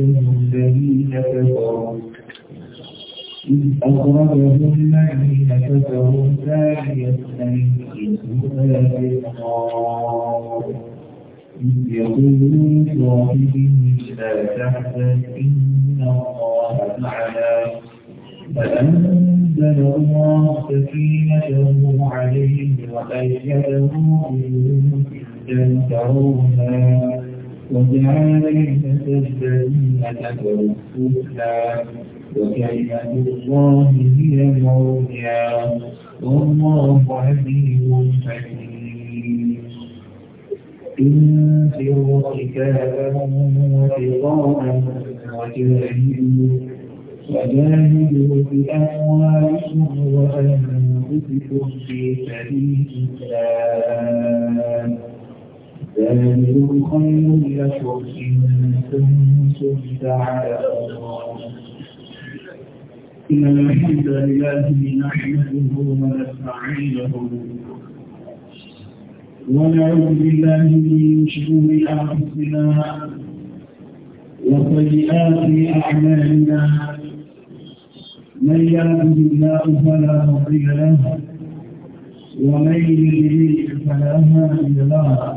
الذين كفروا إذ أخرجهم الذين كفروا ثاني اثنين إذ هما في النار إذ يقول لصاحبهم لا تحزن إن الله معنا فأنزل الله سكينته عليه وأيده بجنود لم تروها وجعل الجسد الذين توفونا وكلمة الله هي المرجع والله عزيز حكيم انفروا قتالا وفضاء وجاهدوا وجاهدوا بأموالكم وأنفسكم في سبيل الله ذلك خير لكم إن كنتم تعلمون إن الحمد لله نحمده ونستعينه ونعوذ بالله من شرور أنفسنا وسيئات أعمالنا من يهده الله فلا مضل له ومن يضلل فلا هادي له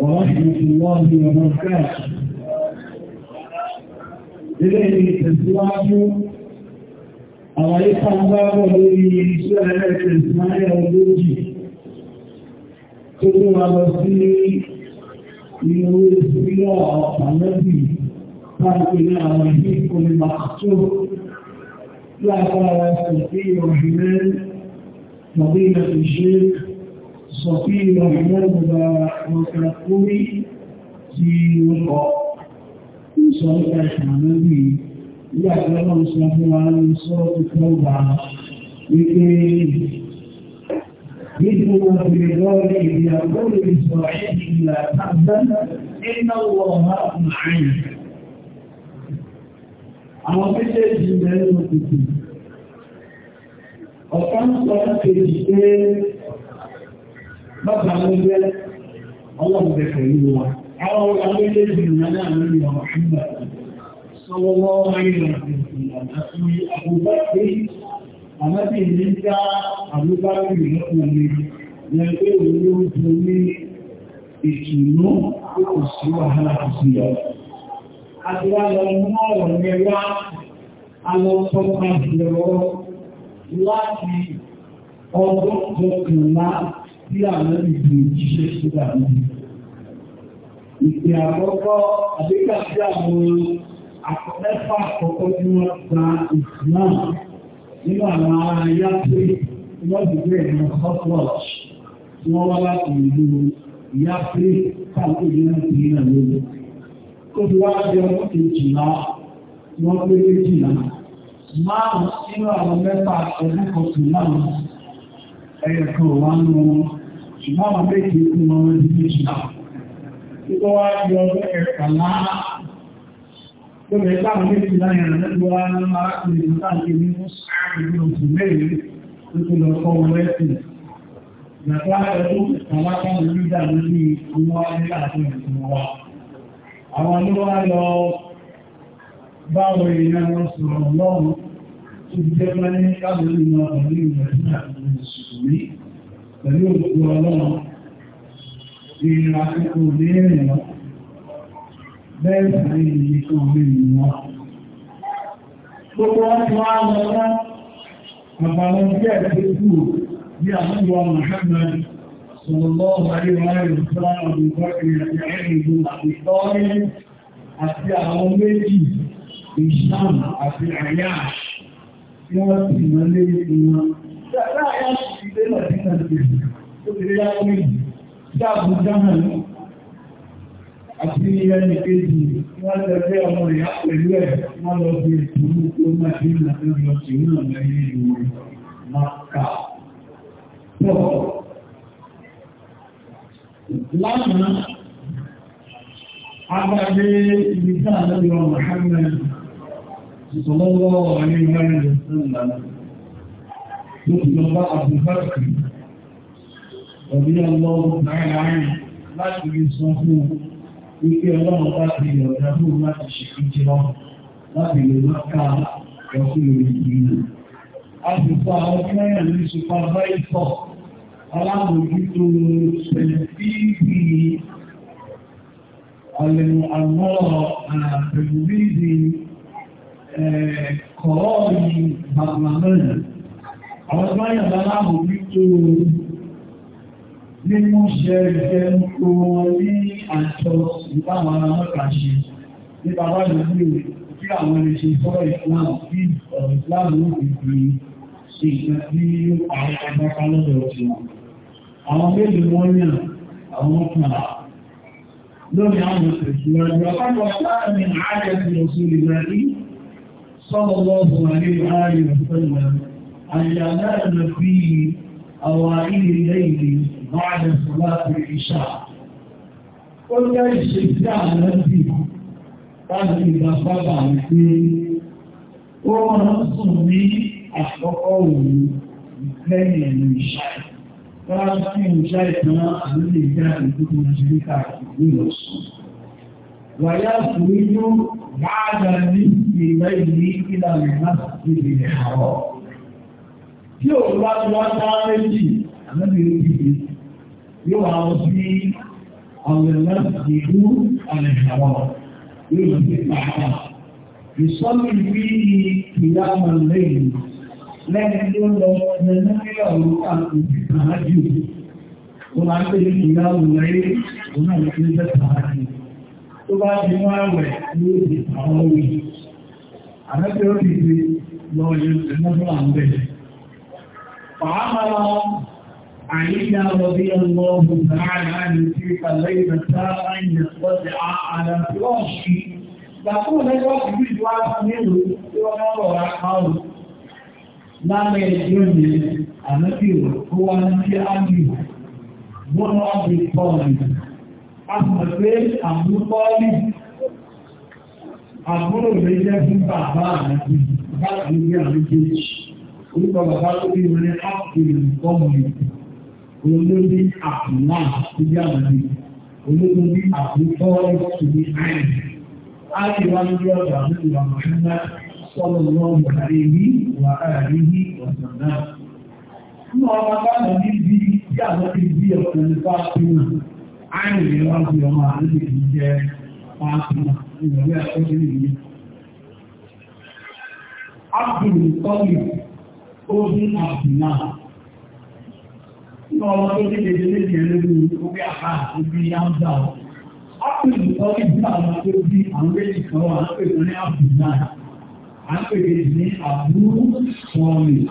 ورحمة الله وبركاته إليه الإسلام أرأيت الله الذي سأل الإسماء والوجه كل رسول إنه الإسلام الذي كان عليه المخصوص لا ترى يستطيع الحمال فضيلة الشيخ sọ̀fí ọ̀rọ̀lọ́gbọ̀gbà ọ̀kàkórí ti ọkọ̀ ìṣọ́ ìta ìṣàmẹ́bí nígbà tí wọ́n sọ fún wa ní sọ́ ìkọ́ ọgbà wípé nígbà wọn fi lè lọ́rọ̀ ìdí àkórí ìṣọ́ ìṣìlá tàbí iná wọ àwọn méjèèjì mẹ́rin òkùnkùn ọ̀pá ń sọ kejì pé bàbá ló jẹ́ ọlọ́run bẹ̀ pẹ̀lú wa àwọn olóyèdè ìrìnàjò àwọn ènìyàn ọ̀ṣùgbà sọwọ́wọ́ ayélujára àti àbúgbà pé àwọn tí ìlú ń dá àbúgbà pé lọ́kùnrin ní ẹgbẹ́ òun ló ń ní ìtùnú kò sí wàhálà kò sí lọ. Àti wá lọ mú ọ̀rọ̀ mẹ́wàá alọ́sọ́kàn ìrọ̀ láti ọdún kọkànlá tí àmẹ́rì bí jíṣẹ́ ṣe dàbí. Ìpè àkọ́kọ́ àdégbà sí àwọn mẹ́fà àkọ́kọ́ tí wọ́n gba ìsìláà nínú àwọn ará Yápé wọ́n dìde ìlú Hotwatch tí wọ́n wá láti ìlú Yápé káàkiri ìlú Nàìjíríà lónìí. Ó ti wá jẹ́ ọdún kejìlá wọ́n pé méjìlá márùn-ún nínú àwọn mẹ́fà ọdún kọkànlá ẹ̀yẹ̀kan wà nínú wọn ṣùgbọ́n wọn fẹ́ kí ikú wọn wọ́n di méjìlá. Títọ́ wá di ọdún ẹ̀kànlá tó lè sáwọn méjìlá yẹn lẹ́gbọ́ wá ní arákùnrin láti ní sáàrùn oṣù mẹ́rin tó tó lọ kọ́ wọn lẹ́sìn. Ìgbàgbọ́ ọdún ẹ̀kànlá kan ní dídà lórí àwọn alẹ́ àti ẹ̀sìn wa. Àwọn ló wá lọ báwo èèyàn wọn sọ̀rọ̀ lọ́rùn tó jẹ́ pẹ́ ní káàbọ̀ nínú ọ̀rọ̀ ní ìgbà pẹ̀lú òkú ọlọ́run ti ra kíkò ní ẹ̀rọ bẹ́ẹ̀ sí ìyíkan mẹ́rin wọn. Gbogbo wọn ti wá lọ rá àpàwọn díẹ̀ tó kú bí àmúgbọ́ Muhammad sallallahu alaihi wa sallam àbúgbọ́ àti àwọn méjì ìṣàn àti àyà tí wọ́n ti mọ́lé ìwọ̀n. Ṣẹ̀dá àyà ti Àti ẹni kejì wọ́n lẹ́gbẹ́ ọmọ ìyá pẹ̀lú ẹ̀ wọ́n lọ bí ìtùrú tó máa bí ìrìnà lọ sí náà lẹ́yìn ìwò Maka. Pọ̀. Lánàá, agbàgbé ibi táà lọ́wọ́ Mohammed, ìsọ̀lọ́wọ́ ọ̀rẹ́ ìwọ̀n ìrìnà lọ́wọ́ ọ̀bí ọlọ́run láàrin láàrin láti rí sọ fún wípé ọlọ́run bá ti lè ọ̀dá fún láti ṣe kíjẹ lọ láti lè má ká ọkùn ìrìnà. A sì fa àwọn mẹ́rin ní supervisor alábòójútó pẹ̀lẹ́tìbì àlẹ́nu àmọ́ àpẹ̀lúbìdì kọ̀ọ̀rì bàbá mẹ́rin. Àwọn báyọ̀ alábòójútó ní wọ́n ṣe ìfẹ́ tó wọn ní àjọ ìbáwọn arámọ́ta ṣe ní bàbá ìlú kí àwọn ẹ̀ṣẹ́ ìfọ́rọ̀ ìsìláàmù bí ọ̀rọ̀ ìsìláàmù ó fi fi ṣe ìfẹ́ tí àwọn agbára lọ́dọ̀ ọ̀sẹ̀ wọn. àwọn méjì wọ́n yàn àwọn kan lórí àwọn ìṣèṣúwájú ọ̀pọ̀lọpọ̀ láàrin ààrẹ ti ọ̀sùn ìgbàdí sọ́lọ́lọ́ọ̀bù àríwá ààrẹ ìfẹ́ ìgbàdí àyàlá ìrẹ̀fí àwọn àìlè lẹ́yìn بعد صلاة العشاء قلنا الشتاء الذي قال إذا صلى الفيل وما نصني أحققه لين العشاء فأنا شايف أنا الذي كان كنت مشركا ويخرج بعد نصف الليل إلى المسجد الحرام. Tí òun bá ti wá sáá méjì, àmọ́ mi ò ti fi yóò wá lọ sí ọ̀lẹ́lẹ́ ìlú àlẹ́hàwọ̀ yóò lọ sí pàápàá. Ìsọ́nù bí ìyá máa lẹ́yìn lẹ́yìn tó lọ nínú ìyàwó àkùnkùn àájú. Wọ́n máa ń pè ní ìyàwó lẹ́yìn òun náà ló ń bẹ̀ pàápàá. Tó bá ti wá wẹ̀ ló ti àwọn òwe. Àrẹ́pẹ́ ó ti di lọ yẹn lọ́dún à ń bẹ̀. Pàápàá عائشة رضي الله تعالى عنها في الليل ساعة يستطيع على فراشه فقول الوقت بجوار منه ونرى أحاول لا يجوني التي هو التي أمي بن أبي طالب أحمد بن أبو طالب àbúrò rẹ̀ jẹ́ fún bàbá àti bá àlúgbé àlúgbé orúkọ bàbá tó bí wọn ní áàpù ìrìnkọ́mù olórí àbùnà ìdí àbùnà olórí àbùkọ́ ìtùbí àìní. A ti wá àbúrò wa sọlọ sọ́lọ̀ lọ́wọ́ wà ààrẹ ní náà. Fún ọmọ báyọ̀ ní ibi tí àwọn ti di ọ̀sán ní Fáfínà, àìní ọmọ nìyí. Abdul Kọ́lì, ó ní Nínú ọmọ tó ti lè lè lè lórí orí àpá orí Yáńdà. Ápùlù ìtọ́rí bí àwọn tó bí àwọn méjì kan wà ń pè wọ́n ní àbùdá. À ń pè é ní àbúrú sọ̀rọ̀.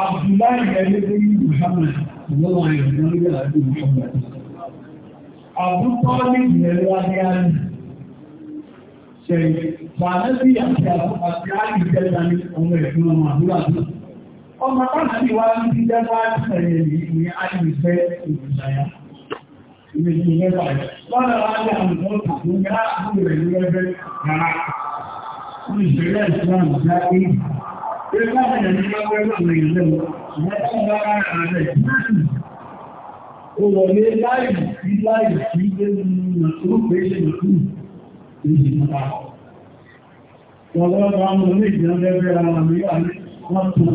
Àbùdá ìrẹ́lẹ́ lórí Muhammad lọ́wọ́ àyẹ̀wò lórí àdúgbò Muhammad. Àbúkọ́ ní ìrẹ́lẹ́ Adéáni. Ṣẹ̀yìn, bàánẹ́bí ọmọ pàtàkì wá ní ti jẹ́ bá ẹ̀yẹ̀ ní àìyíṣẹ́ ìrìnṣàyà ìrìnṣì mẹ́ta rẹ̀ lọ́nà láti àwọn ọmọ òun yá àbúrò rẹ̀ ní ẹgbẹ́ yàrá ní ìṣẹ̀lẹ̀ ìṣẹ́lẹ̀ ìṣẹ́lẹ̀ ìṣẹ́lẹ̀ ìṣẹ́lẹ̀ ìṣẹ́lẹ̀ ìṣẹ́lẹ̀ Wọ́n lọ́wọ́ àwọn onígbìyànjẹ́ bẹ́ra àwọn àmì wọ́n tún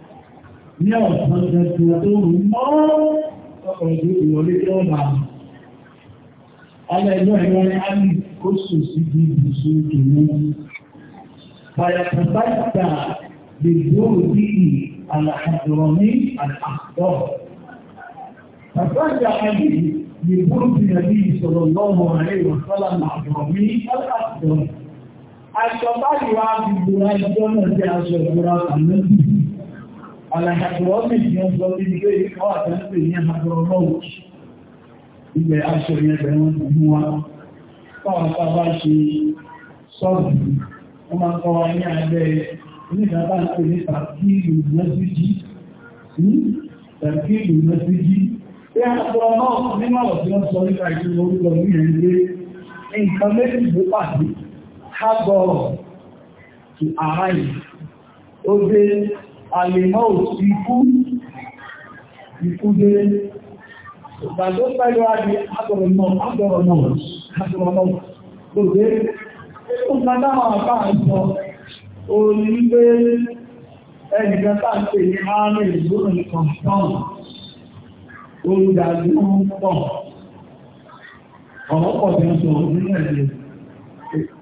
ní ọ̀sán ẹ̀sùn tó rú mọ́ ọ̀rọ̀ ìwọlé tó bá. Alẹ́gbẹ́ ẹ̀rọ ni a ní kó sò sí bí ibùsùn ìdùnnú. Fàyàtàbáyàtà lè dúró bí i àlàkàtọ̀rọ̀ ní àkàtọ̀. Fàtàjà ayé lè dúró bí nàbí ìsọ̀rọ̀ lọ́wọ́ ààrẹ ìwọ̀sọ́lá àkàtọ̀rọ̀ ní àkàtọ̀. Àṣọ báyìí wá fi gbòrò ẹjọ́ náà sí aṣọ ìgbòrò àkàtọ̀ Àlàkàtùwọ́mì ni ó sọ bí ilé ìkọ́ àtẹ́sì ní àgbọ̀rọ̀lọ́wọ̀. Ilẹ̀ aṣọ ìyẹ̀bẹ̀ wọn ti mú wa. Pàwàpá bá ṣe sọ́ọ̀bù, wọ́n máa kọ́ wa ní abẹ́ onígbàtà ń pè ní tàbílù mẹ́síjì. Hmm? Tàbílù mẹ́síjì. Bí àgbọ̀rọ̀lọ́wọ̀ nínú ọ̀rọ̀ tí wọ́n sọ nípa ìṣòro orúkọ ní ẹ̀ńgbé, nǹkan méjì ló pàdé, ká gbọ́rọ̀ to arrive àlèmọ́ òsì ikú ikú dé ìgbàjọ́ pẹ̀lú àdí àtọ̀rọ̀nà àtọ̀rọ̀nà àtọ̀rọ̀nà lóògbé ó gbádáwà bá ń sọ orílẹ̀ ẹgbẹ̀ta tàbí ní ààrẹ ìgbóhùn kọ̀ọ̀kan olùdàjú pọ̀ ọ̀rọ̀ pọ̀ tẹ́ sọ orílẹ̀ èdè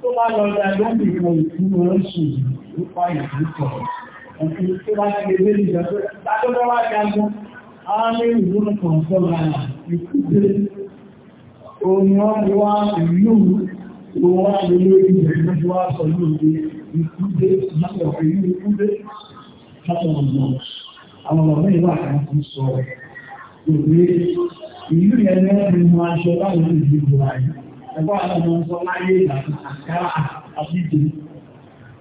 tó bá lọ dájọ́ ìgbà ìfún oríṣìí nípa ìfúkọ̀ọ̀ Òfin tó bá ti lè lé ìjọ tó dájọ́ wá jágún, a lè ìwúrùn kan sọ́lá ìkúté. Òun wọ́n ti wá ìlú òun wá lè lé ìjọ ìjọ wá sọ lóògbé ìkúté látọ̀ ìlú ìkúté látọ̀ ọ̀gbọ̀n. Àwọn ọmọ ìwà kan ti sọ òwe ìlú yẹn ní ẹgbẹ̀rún mọ aṣọ láwọn ìlú ìlú àyè. Ẹgbọ́n àwọn ọmọ sọ láyé ìlànà àkàrà àti ìdè.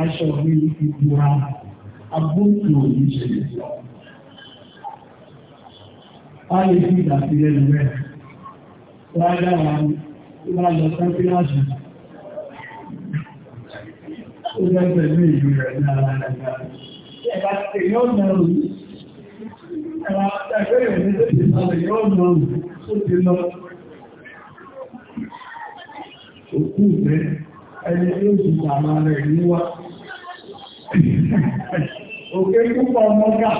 aṣọ mi ti búra agbóhùn òní ṣẹlẹ̀. A lè fi ìdàsí lẹ́nu rẹ̀. Ládára wá lọ sáfíláṣì. Ó jẹ́ pẹ̀lú ìlú rẹ̀ ní ara ẹ̀dá. Ẹ̀dá èyàn náà rú. Ẹ̀wà ẹgbẹ́ ìrìn ní tètè sáré yóò náà rú. Ó ti lọ. Òkú rẹ̀. ẹni tí ó sì tààrà rẹ̀ níwá. Òkè púpọ̀ mọ́gà,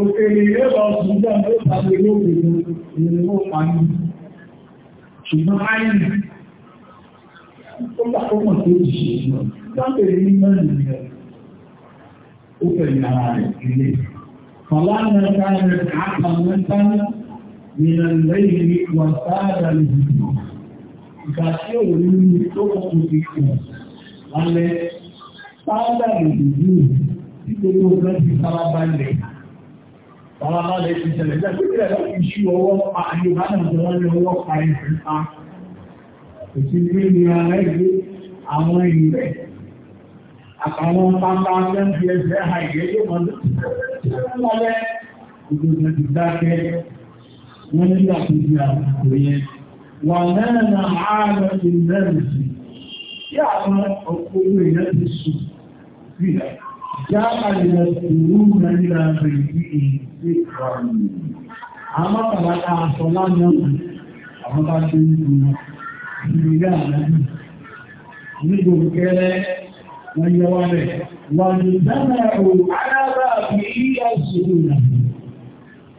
òkè ilé lọ ṣùgbọ́n ló tàbí lóògbèrè ìrìnwó pàánù. Ṣùgbọ́n áìlì, ó gbàkọ́mọ̀ tó jì ṣe lábẹ̀rẹ̀ ní mẹ́rin rẹ̀. Ó fẹ̀yìn ara rẹ̀ ilé. Fàlànà káàrẹ̀ àpàmẹ́tánà من الليل وساد الهدوء ìgbà tí ó wò ní tó kọ́kọ́ ti kọ̀ alẹ́ sáádà ìdìbò tí gbogbo ọ̀gá ti farabalẹ̀ farabalẹ̀ ti ṣẹlẹ̀ nígbà tó kílẹ̀ láti iṣu ọwọ́ pa àyèbá náà tó wọ́n ní ọwọ́ pa ẹ̀sìn pa kò sí pé ní ara ẹgbẹ́ àwọn ìrẹ̀ àtàwọn pápá lẹ́ńdí ẹsẹ̀ àìyẹ́ yóò mọ̀ lọ́lẹ́ gbogbo ọ̀gá ti dákẹ́ wọ́n nígbà tó wà náà na ààrẹ ìrẹ́rìsì tí àwọn ọkùnrin ìyẹn ti sùn sí já àyẹ̀ ìrú nàìjíríà rẹ̀ ní èdè ìrọ̀rùn àwọn bàbá ta aṣọ àwọn bá ṣe ń dùn ìrìnlẹ̀ àlàyé nígbò kẹ́rẹ́ wọ́n yẹ wálẹ̀ wà ní dáná alábàbí ìyá ìṣòro nàìjíríà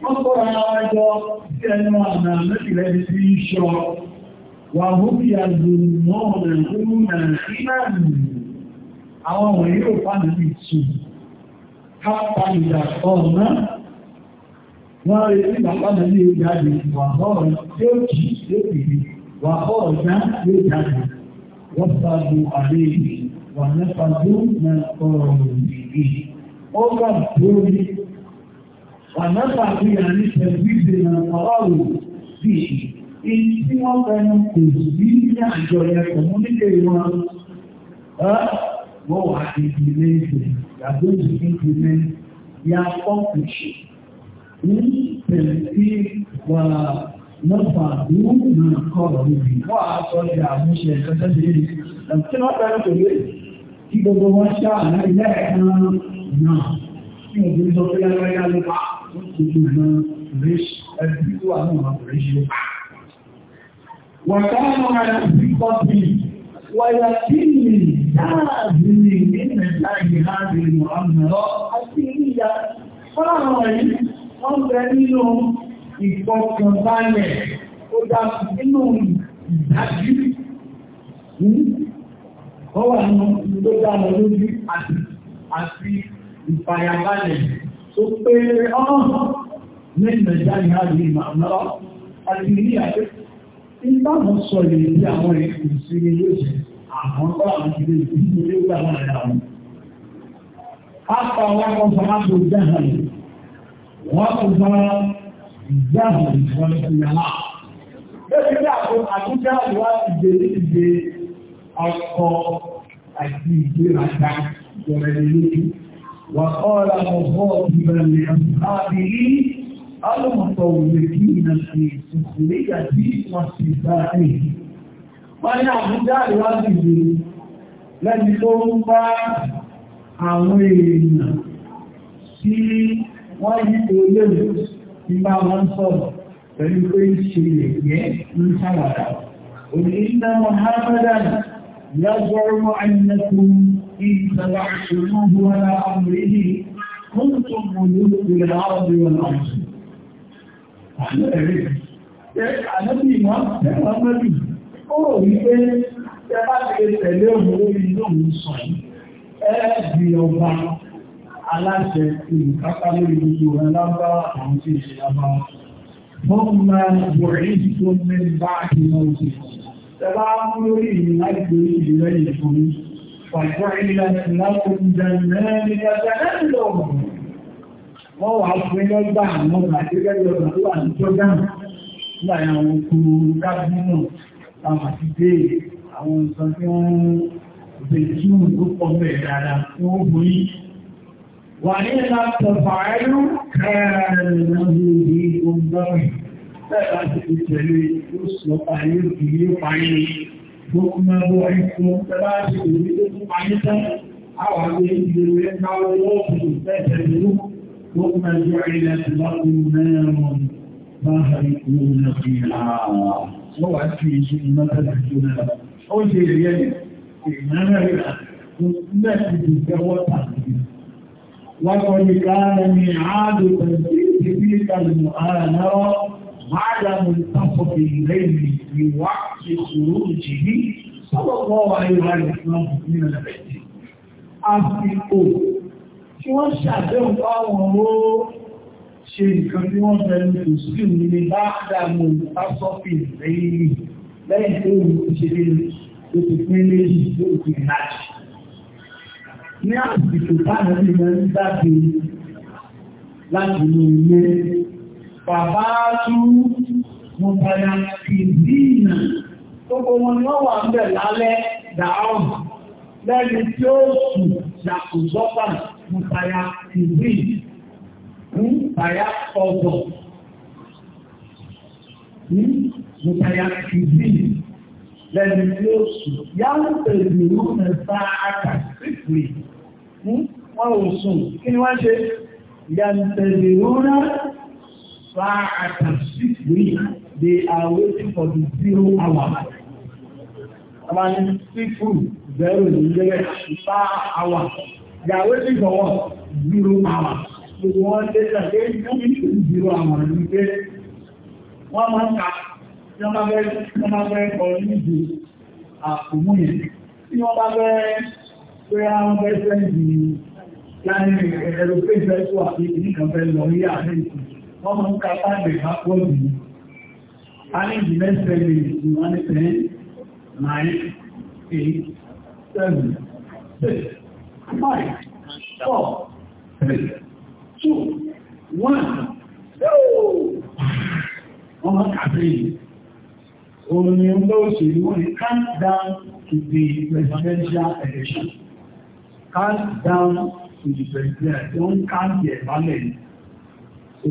wọ́n kọ́ra ẹjọ́ sí ẹnu àmà mẹ́sìlẹ̀ sí ṣọ́ wà múbí àgbòmọ́ àwọn wọ̀nyí ò fánà ní ìtù kápa ìjà ọ̀nà wọ́n rí sí bàbá náà ní ìjáde wà bọ́ọ̀rọ̀ tí ó kì í tí ó kì í wà bọ́ọ̀rọ̀ já ní ìjáde wọ́n sábò àlejò wà nípa tó na ọ̀rọ̀ òyìnbí ó gbà tó rí Àmọ́ta fi hàn ní pẹ̀lú ìdènà ọ̀rọ̀ sí èyí tí wọ́n fẹ́nu kò sí ní àjọ yẹn pẹ̀lú nílé wọn. Wọ́n wà ní ìdílé ìdè, yàtọ̀ ìdílé ìdílé ya fọ́kùnṣe. Ní pẹ̀lú tí wà lọ́fà ìwú náà kọ̀rọ̀ níbi. Wọ́n á sọ ìdí àmúṣe ẹ̀kọ́tẹ́ sí ìdí. Tí wọ́n fẹ́nu kò lè kí gbogbo wọn ṣáà Wàkánà rẹ̀ sí kọ́pì, wàyà kí ni dáàbì ní ìpínlẹ̀ láàrin láàrin Mùhàmmàlọ́ àti ìyá. Fọ́nàmà yìí, wọ́n bẹ nínú ìfọkànbalẹ̀, ó dá nínú ìdájú. Wọ́n wà nínú tó dá lọ lójú àti ìfàyàbalẹ̀ tó pé ọmọ mẹ́rin ẹ̀já ni a lè máa náà àti ní àti ìbámu sọ ìrìn tí àwọn èèyàn sí ní yóò jẹ àwọn kọ́ àwọn ìdílé ìdílé ìgbà náà rẹ̀ àwọn. a pa wọn ti yàrá. bẹ́ẹ̀ ni àpò àtúntà ìwà ìgbè ọkọ̀ àti ìgbéraga ìjọba ìlú وقال مخاطبا لأصحابه المطوقين في سخريته واستفائه wọ́n ní àbújá ìwádìí ìlú lẹ́ni tó ń bá àwọn èèyàn tí wọ́n yí olóòlù tí bá wọ́n sọ̀rọ̀ pẹ̀lú pé ń ṣe èyẹ ń sáwàdà òní iná mohammedan yàgbọ́rọ̀ ẹ̀yẹ́kùn إن تبعتموه ولا أمره كنتم ملوك الأرض والأرض Àlẹ́bí wọn tẹ́lá mẹ́rin, ó rò wípé tẹ́lá ti tẹ̀lé òun lórí inú òun sọ yìí, ẹ́ẹ̀dì ọba aláṣẹ ìrùkápá lórí gbogbo wọn lábára àwọn tí ìṣẹ́ lábára. Wọ́n máa bọ̀rí tó mẹ́rin bá àti náà ti. Tẹ́lá mú lórí ìrìn láti lórí ìrìn وجعلت لكم جنات تتنزل wọ́n wà fún lọ́gbà àwọn àtẹ́gẹ́gẹ́ ọ̀nà tó wà ní tọ́gbà láàrin àwọn okùn gábínú àwọn àtìdé àwọn nǹkan tí wọ́n bè tí ó tó pọ̀ bẹ̀ dára tí ó borí wà ní ìlà tọ̀fà ẹlú kẹrẹ̀ẹ́rẹ̀ gbogbo ọmọ ẹ̀kùn tẹ́láàtì ìlú tó tún máa ń tán àwọn àgbé ìlú rẹ̀ káwọ́ lọ́pùpù fẹ́ẹ̀fẹ́ ìlú gbogbo ẹjọ́ ilẹ̀ ti lọ́pùn mẹ́rin bá hàrí kúrò náà fi ààrùn wọ́n wá sí iṣu iná tẹ́lẹ̀ tó náà ó ṣe ìrẹ́ ìrìnàrẹ̀ nígbà tí ti fẹ́wọ́ tàbí wọ́n kọ́ ní káàrin àádọ́ pẹ̀lú ìpínlẹ̀ عدم التفت إليه في وقت خروجه صلى الله عليه وسلم من البيت àsìkò tí wọ́n ṣàdéhùn fáwọn ó ṣe nǹkan tí wọ́n bẹ̀rù kò sí ní bá dàmù ìtàṣọ́fì lẹ́yìn lẹ́yìn tó wù ú ṣe lé tó ti pín léyìn tó ti láti. ní àsìkò táwọn ènìyàn ń jáde láti inú ilé bàbá tú mọ̀tàlá ìdínà gbogbo wọn ni wọ́n wà ń bẹ̀ lálẹ́ dàáhùn lẹ́ni tí ó sùn ṣàkùzọ́pà mọ̀tàlá ìdínà mọ̀tàlá ọ̀dọ̀ mọ̀tàlá ìdínà lẹ́ni tí ó sùn yáwó pẹ̀lú ìrúnà bá àkàtúntì wọ́n ò sùn kí ni wọ́n ṣe yàtẹ̀lẹ̀ rúnà Sa'at al-Sikri, they are waiting for the zero hour. Aman Sikru, zero zero Sa'a hour. They are waiting for what? Zero hour. So the one day that they come into zero hour, you get one month after. Wọ́n bá fẹ́ wọ́n bá fẹ́ kọrin níbi àkùnmú yẹn. Tí wọ́n bá fẹ́ pé àwọn fẹ́ sẹ́yìn láàrin ẹ̀rọ pé ìfẹ́ tó àti ìdíkan fẹ́ lọ rí àárín wọ́n mú kápá lè má pọ̀ jù a ní ìdílé sẹ́lẹ̀ ìlú wọn ní ten nine eight seven six five four three two one yóò wọ́n mú kàfé yìí òun ni ọgbọ́ òṣèlú wọ́n ni count down to the presidential election count down to the presidential election wọ́n count the ballot so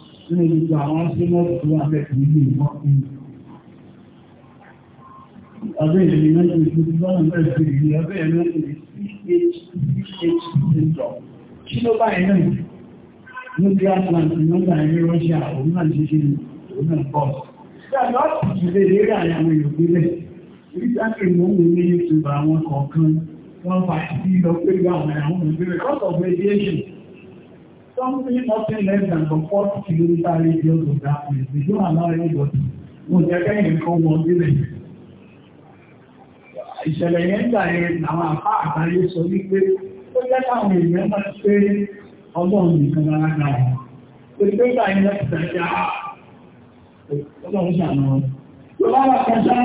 nínú gbogbo àwọn símọ́tì tó wà lẹ́kùn ní ìwọ̀n fún ọdún ìlú mẹ́rin ìlú lọ́nà mẹ́rin sí ìlú ọdún ìlú mẹ́rin CH syndrome kí ló bá ẹ̀rọ ìlú níbi atlantic nọ́mbà ẹ̀rí Russia òun náà ṣe ṣe òun náà bọ́ ṣàlọ́ ìjìlẹ̀ lérí àwọn ìrògbélẹ̀ ìjákè mọ́ òun ní YouTube àwọn kọ̀ọ̀kan wọ́n fà sí lọ pé gbà àwọn ẹ̀rọ ìgbélẹ̀ cost of radiation something nothing less than the fourth kilometer radius of that place. We don't allow anybody. Wọ́n jẹ́ kẹ́yìn kan wọn nílẹ̀. Ìṣẹ̀lẹ̀ yẹn gbà yẹn àwọn àpá àgbáyé sọ wípé ó jẹ́ káwọn èèyàn máa pé ọlọ́run nìkan lára gbà wọn. Pèpè gbà yẹn lọ́pọ̀ tẹ̀lé àwọn ọlọ́run ṣàná. Yorùbá wà kọjá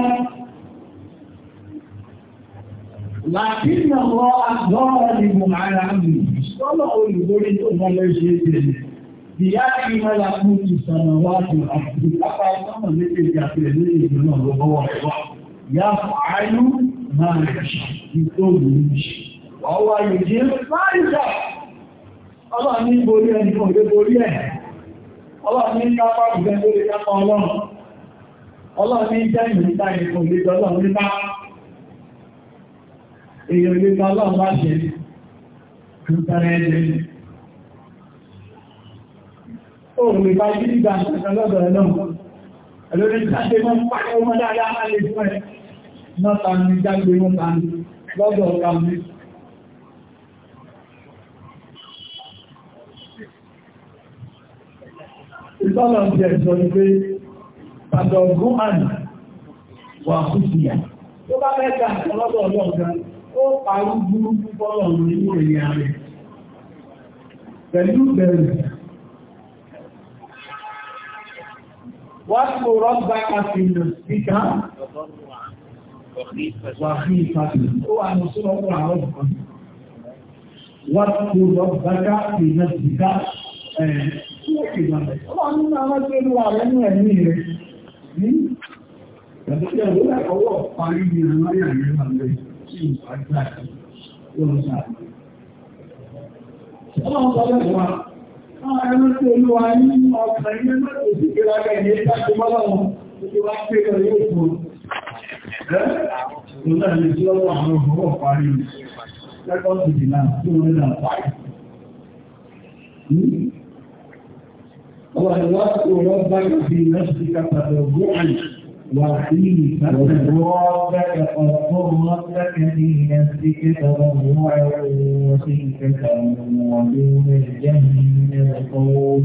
Làkín àwọn agbọ́rọ̀ ni mo ara mi, sọ́lọ̀ olùborí tó mọ́ lọ ṣe ìdẹ̀lẹ̀. Ìyá kí mẹ́la fún ti sọ̀nà wá tó àti pápá sọ́mọ̀ méjèèjì àpẹẹrẹ ní ìlú náà lọ́wọ́ ẹ̀wà. Ìyá àánú máa rẹ̀ ṣe ìtòòlù ní ṣe. Ọwọ́ ayòjé láìsà. Ọlọ́ ní borí ẹni kan lé borí ẹ̀. Ọlọ́ ní kápá ìgbẹ́ lórí kápá ọlọ́run. Ọlọ́ ní jẹ́ ìrìnta ìkùnlé ọlọ́run nípa èèyàn ilé ta ọlọ́run bá ṣe ń tẹ́rẹ ẹ̀jẹ̀ ni ó lè bá jí nígbà ìṣẹ̀kan lọ́dọ̀ ẹ̀ náà ẹ̀lórí ìṣàṣe mọ́ pàtó mọ́ dáadáa máa lè fún ẹ mọ́ta ní jágbe mọ́ta ní lọ́dọ̀ ọ̀gá mi ìtọ́lọ̀ ti ẹ̀sọ́ ni pé pàtó gún àná wà kú sí tó bá mẹ́ta lọ́dọ̀ ọlọ́ọ̀gá ó parí burúkú bọ́lọ̀ nínú ìyá rẹ̀ pẹ̀lú bẹ̀rù wọ́n tó rọ́gbà kàfìnà síta wàhí ìfàtí ó wà ní sọ́rọ̀ ọ̀pọ̀ àwọn ọ̀pọ̀ wọ́n tó rọ́gbà kàfìnà síta ẹ̀ẹ́ sí Ọlọ́run sọ lẹ́nu wa, tí olúwa ní ọkàn ilé mẹ́rin sí ìgbéraga ẹ̀yẹ ìdájú mọ́lọ́run tí wá yóò fún un. Ẹ́ ìlú lọ́wọ́ àwọn Ọlọ́run wá sí ọlọ́gbàgbà bíi mẹ́sìkà وقيل ربك فاذكر ربك في نفسك تضرعا وخيفة ودون الجهل القول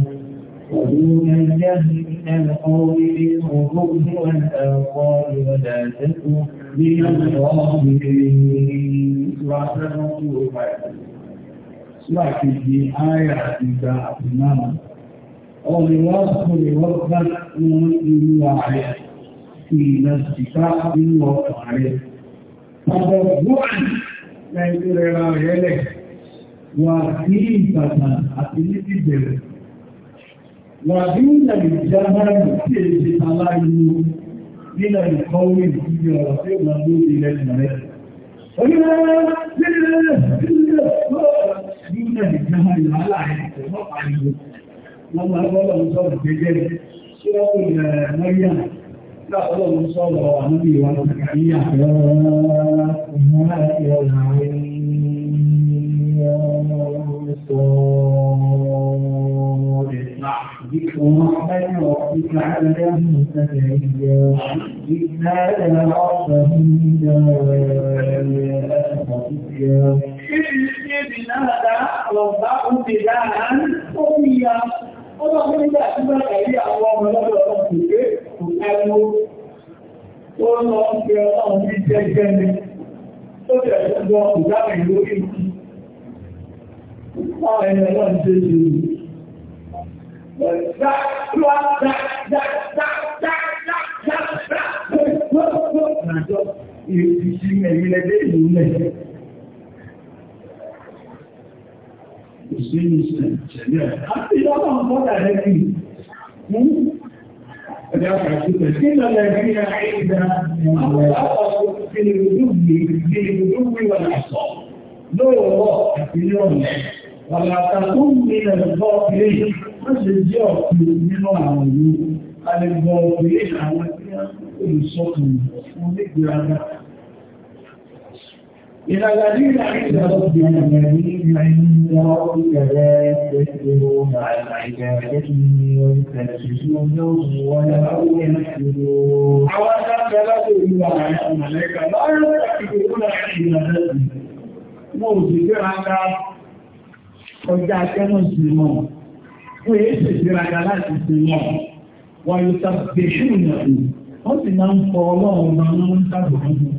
ودون الجهل القول بالغدو والآصال ولا تكن من الظالمين. Sura kejì ayà ìgbà àti náà. Ọ̀rẹ́ wá sọ̀rọ̀ wọ́n bá wọn ìlú ààrẹ ti ìlà ìta nínú ọkọ̀ rẹ̀. Ọ̀pọ̀ Gúwàn láìsí rẹra rẹ̀lẹ̀ wà sí ìbàtà àti ní ìbẹ̀rẹ̀. Wà bí ìlà ìjábára sí èdè aláìlú nínà ìkọ́wé ìdíje ọ̀rọ̀ tí ó máa ló ilẹ̀ ìrẹ̀. Onílẹ̀ ọlọ́run sọ̀rọ̀ àmúbí wọn ní àfẹ́rẹ́ ìmúlá ìrọ̀lá ذكر رحمة ربك عبده زكريا إذ نادى ربه نداء خفيا إذ نادى ربه نداء خفيا Ọlọ́run nígbà tí wọ́n ẹ̀rí àwọn ọmọ lọ́dọ̀ ọ̀rọ̀ ìgbé kò ẹnu tó lọ ń pẹ ọlọ́run ní jẹ́jẹ́ ni tó jẹ́ ṣùgbọ́n ìdáhùn lórí ìlú. Àwọn ẹni ọlọ́run ṣe ṣe ìlú. Dá dá dá dá dá dá dá dá dá dá dá dá dá kò sí ní ìṣẹ̀lẹ̀ àti ìdábọ̀ ń bọ́ dàrẹ́ bí Ẹgbẹ́ àkàtúntẹ̀ sí lọ́lẹ̀ bí i àìdá àwọn àpapọ̀ ìpínlẹ̀ olóògbé ìgbé olóògbé wà lásọ̀ lóòrọ̀ àti ní ọ̀lẹ́. Wàlàtà tó ń gbé ẹ̀gbọ́ ilé wọ́n ṣe jẹ́ ọ̀pìn nínú àwọn ìlú. Alẹ́gbọ́ ilé àwọn olùsọ́kùnrin fún onígbéraga إلى الذين عند ربنا الذين عند ربك لا يستكبرون عن عبادته ويستجسونه ولا يحسدون. أولا ثلاثة إلا عن الملائكة لا يستكبرون عن عبادته. Mọ̀ọ́sì gbéraga ọjà akẹ́mọ̀ sí mọ̀. Wọ́n yé ṣe gbéraga láti sí mọ̀. Wọ́n yóò sábẹ̀ ṣùgbọ́n wọ́n sì máa ń fọ ọlọ́run máa ń sábẹ̀ fún un.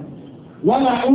Wọ́n máa ń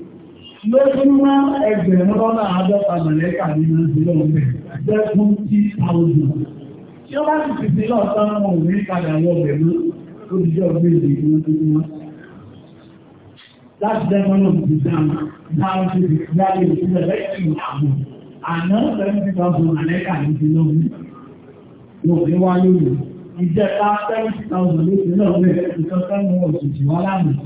lórí mọ́ ẹgbẹ̀rún lọ́nà àádọ́ta mẹ̀lẹ́kà nínú ìlú ọ̀fẹ́ jẹ́kún tí àwùjọ. Tí ó bá ti ti sí lọ́ọ̀tán wọn ò ní padà wọ bẹ̀rù olùjọ́ gbèrè ìlú tuntun wọn. Láti dẹ́kun náà ti dáhùn dáhùn sí ti dáhùn ìpínlẹ̀ lẹ́yìn àmọ́. Àná seventy thousand mẹ̀lẹ́kà ní ti lọ́wọ́ ní òfin wáyé òyìn. Ìjẹta seventy thousand ló ti lọ́wọ́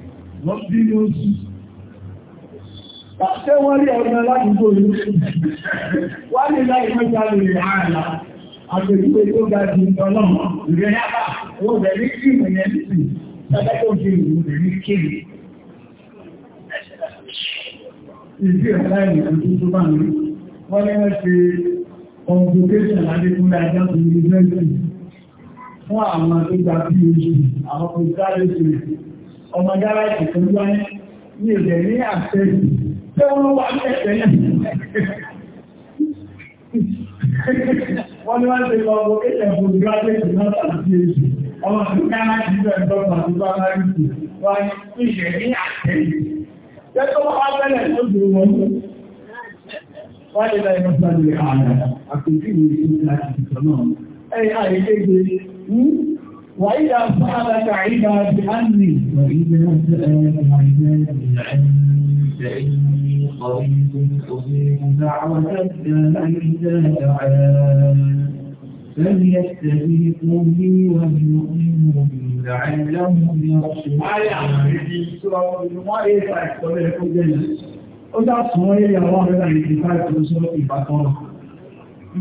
wọ́n bí ní oṣù Ṣé wọ́n rí ọ̀rọ̀ aládùúgbò yìí? Wọ́n ní láì mẹ́ta lè rí ààlà, àgbègbè tó ga jù ọlọ́mọ, ìrẹ́ yára, ó bẹ̀rẹ̀ kí ìrìnlẹ̀ sí, ẹgbẹ́ tó jẹ́ ìlú bẹ̀rẹ̀ kéré. Ìdí ẹ̀lá ìrìnlẹ̀ tó tó bá ń rí, wọ́n ní wọ́n ṣe convocation ládékúnlé ajá tó ní ẹgbẹ́ fún àwọn tó gba PhD, àwọn tó sáré sí ọmọ gara tó wá ní èdè ní àṣẹ́jì tó wọ́n wá ẹ̀ẹ́sẹ̀ náà wọ́n ni wọ́n ti lọ ọgbọ́ kéèkẹ́ fún gáràjì náà tàbí èjì ọmọ tó gáràjì bẹ̀rẹ̀ tọ́pàá tó bá láìsì wá ní ìṣẹ̀ ní àṣẹ́jì tẹ́tọ́ wọ́n wá bẹ̀rẹ̀ tó dùn wọn wọ́n lè láì lọ́sà lè ààrẹ àpèjì ìwé ìṣẹ́ láti ìṣọ́ náà ẹ̀yà ìkéde وإذا سألك عبادي عني وإذا سألك عبادي عني فإني قريب أجيب دعوة الداعي إذا دعان فليستجيبوا لي وليؤمنوا بي لعلهم يرشدون. Ó dá sọ eré àwọn ọ̀rẹ́lá ìdíkà ìpínlẹ̀ ìbátan. Ó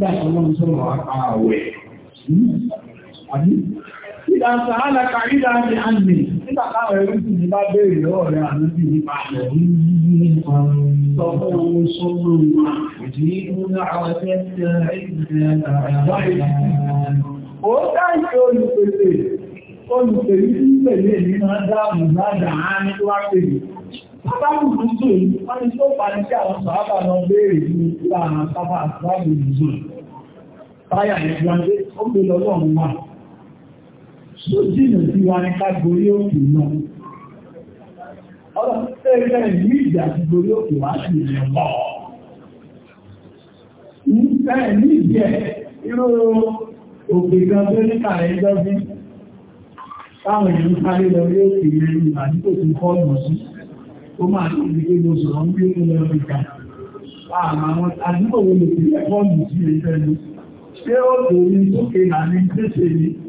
dá sọ ọlọ́run sọ́rọ̀ àwẹ̀. ìdáǹsà alákà ìdáǹsì àmì nígbàtàwà ẹ̀rù sì ní bá bèèrè lọ́wọ́ rẹ̀ nípa rẹ̀ Sábàbù tuntun yìí, wọ́n ni tó pa ní kí àwọn sọ̀hábà lọ béèrè ní ìlànà sábà àti láàrín ìzò. Táyà ìjọ́ ọdún ó gbé lọ́lọ́run máa. tó jìnà sí wa ní kágbórí òkè náà ọ̀rọ̀ ẹgbẹ́ ìlú ìjà ti gorí òkè wá sí ilẹ̀ lọ nígbà ìlú ìjẹ irú òkè kan tó ní kàrẹ́ jọ́bí táwọn èèyàn sáré lọ rí òkè kò tún sí ó máa ní ìdíje mo sọ̀rọ̀ ń gbé ní àdúgbò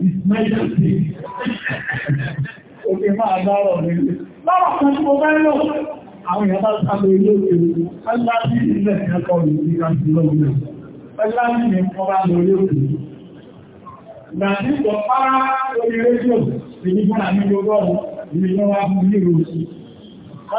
ìsmáìlì sí òkè máa dárọ̀ nílé lọ́rọ̀ kan tí mo bá ń lò àwọn èèyàn bá sábẹ̀ ilé òkèrè aláàbí ilẹ̀ ẹ̀kọ́ ìrìn àti lọ́gbẹ̀ aláàbí ni wọ́n ìjọ párá lórí rédíò èyí fún àmì ọgọ́rùn ilé wọn wá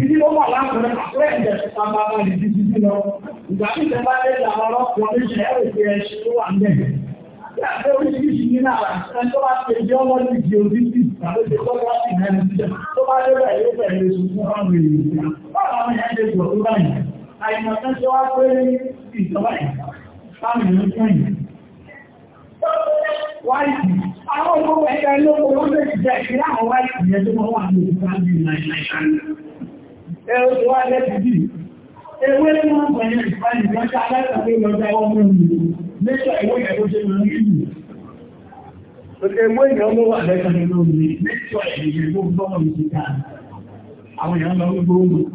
Ìdí ló wà láàrin àpẹẹrẹ ìjẹta bá bá lè ti ti lọ. Ìgbà tí ìjọba lè là ọ̀rọ̀ pọ̀ ní ṣe ẹ̀rọ ìfẹ́ ẹṣin tó wà ń bẹ̀rẹ̀. Bí àpẹẹrẹ oríṣiríṣi ní náà, ẹni tó bá ti ẹjọ́ wọ́n ti di orí sí ìgbàlódé tó bá ti náà ní síjẹ́. Tó bá lè bẹ̀rẹ̀ yóò bẹ̀rẹ̀ lè sùn fún àwọn èèyàn. Báwo àwọn èèyàn lè gbọ̀ tó báyìí? Àìmọ̀ kan ṣe wá pé ìjọba yìí, fáwọn èèyàn fún wáìtì àwọn ọmọ ẹgbẹ́ ló kọ́ lọ́dẹ̀ ìjẹ́ ìrìn àwọn wáìtì yẹn tó wọ́n wà ní ìpàdé nàìjíríà ẹ̀rọ tó wá lẹ́tìdì ewé ní wọ́n pẹ̀lú ìpáyì lọ́jọ́ alẹ́sàgbé lọ́jọ́ ọmọ ìlú nígbà ìwé ẹ̀rọ ṣe lọ rí ìlú ewé ìyàn ló wà lẹ́sàgbé lórí nígbà ìrìn tó gbọ́mọ̀ ní kíkà àwọn èèyàn lọ gbogbo ohun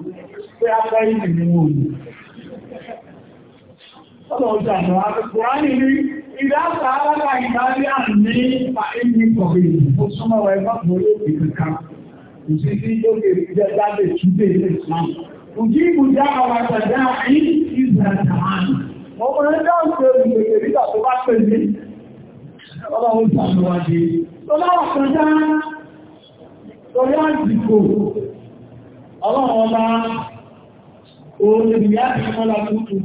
pé afẹ́rí ìrìn wọn òní ọ̀nà ọjà àjọ akẹ́kọ̀ọ́ ní ìdásà alága ìgbàlẹ́ àmì fa èyí kọ̀ọ̀bẹ̀ ó súnmọ́ ẹgbẹ́ ìṣẹ́sí lókè ìjẹ́jáde ṣúgbé ilé islam òjí ìbùjá àwàtàdá àyíkì ìzàtàmán ọmọ ẹgbẹ́ òṣèrè ìgbèrè nígbà tó bá pèsè ọlọ́run sàmúwájé ọlọ́wàtàdá torí àjìkò ọlọ́run ọba olùyá ìṣọ́lá tuntun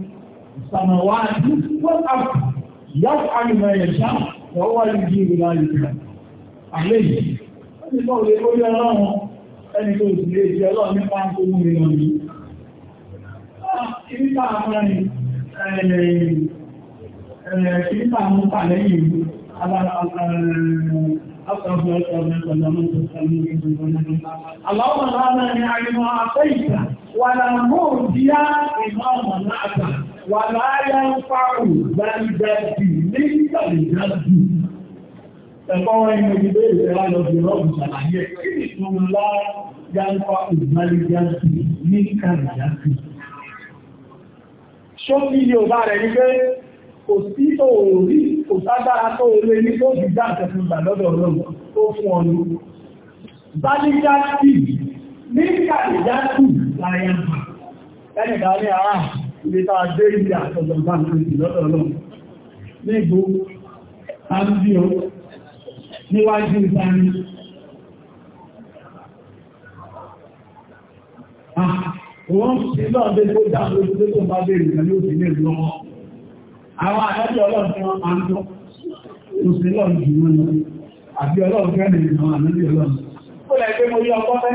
sàmúwájé wọ́n àpù yàtọ̀ àyùmọ̀ ẹ̀ṣá wọ́n wà ní ìgbèrè láyé àlẹ́ yìí ẹni tó sì lè jẹ́ lọ ní pàǹkó mú mi lọ ní. Kìíta àwọn pàlẹ́yìn ìlú, اللهم لا يعني ما أعطيت ولا مرضي لما منعت ولا ينفع ذا الجد منك الجد ẹ̀kọ́ inú ilé ìfẹ́lá lọ sí rọ́ọ̀bù ṣàlàyé kí ni tó ń lá yáńkọ́ ìgbàlejàsì ní kàrìyàsì. ṣókí yóò bá rẹ̀ ní pé kò sí tó rí kò ságbára tó lé ní tó fi dá àtẹ̀fún ìgbà lọ́dọ̀ ọlọ́run tó fún ọ lọ. Bálíjàsì ní kàrìyàsì láyé àmà. Ẹnìkan ní ara ilé tá a dé ibi àtọ̀jọ̀gbà ní ìlọ́dọ̀ ọlọ́run. Ní ìgbó, a ń bí ọ níwájú ìsáni. Wọ́n ṣe náà dé tó dá lójú tó tó bá bèèrè ìrìnà yóò sí ní ìlú ọmọ. Àwọn àdájọ́ ọlọ́run tí máa ń tọ́, kò sí lọ́run jù wọ́n lọ, àbí ọlọ́run fẹ́ nìyí àwọn Ó lẹ́ mo yí ọkọ́ fẹ́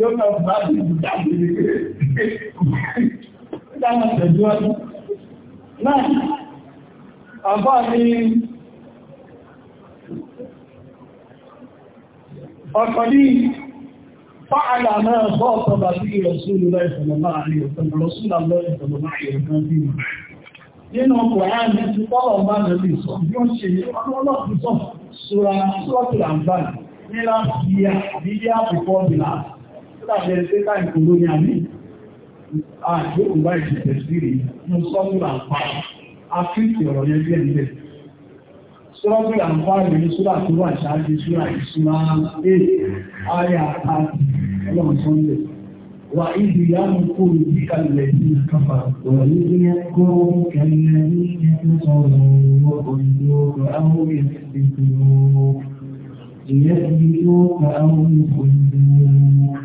lọ́nà ọ̀gbà bí ìdájú ní pé dáwọn tẹ̀síwájú. Náà, àbá ni ọkọ̀ ní fa'ala náà bọ́ ọ̀tọ̀bà sí ìrọ̀súlù rẹ̀ ìfẹ̀lọ̀má àríwọ̀sán rọ̀súlù àlọ́ ìfẹ̀lọ̀má àríwọ̀sán bí i. Nínú ọkọ̀ yá ní ti tọ́lọ̀ bá lórí sọ, bí ó ṣe ọlọ́pùsọ̀ sọ́ra sọ́tìlà ń bá ní láti yá bí yá bìfọ́ bìlá. Láàrẹ̀ ṣe ká ìkòrò ní àmì. Àjókòó bá ìṣẹ̀lẹ̀ sí rí, mo sọ́mùlà ń pa. A fi ìrọ̀ yẹn bí ẹni bẹ̀. Sọ́mùlà ń pa ìrìn sódà tó wà ṣáájú sódà ìṣúná A, Aya àti Ọlọ́run Sọ́ndẹ̀. Wà ìdí ya mú kó ní kafa. Wà ìdí ya kó ní ìtúsọ̀rọ̀ ọ̀gbọ̀n àwọn ìfẹ̀sẹ̀ ìfẹ̀sẹ̀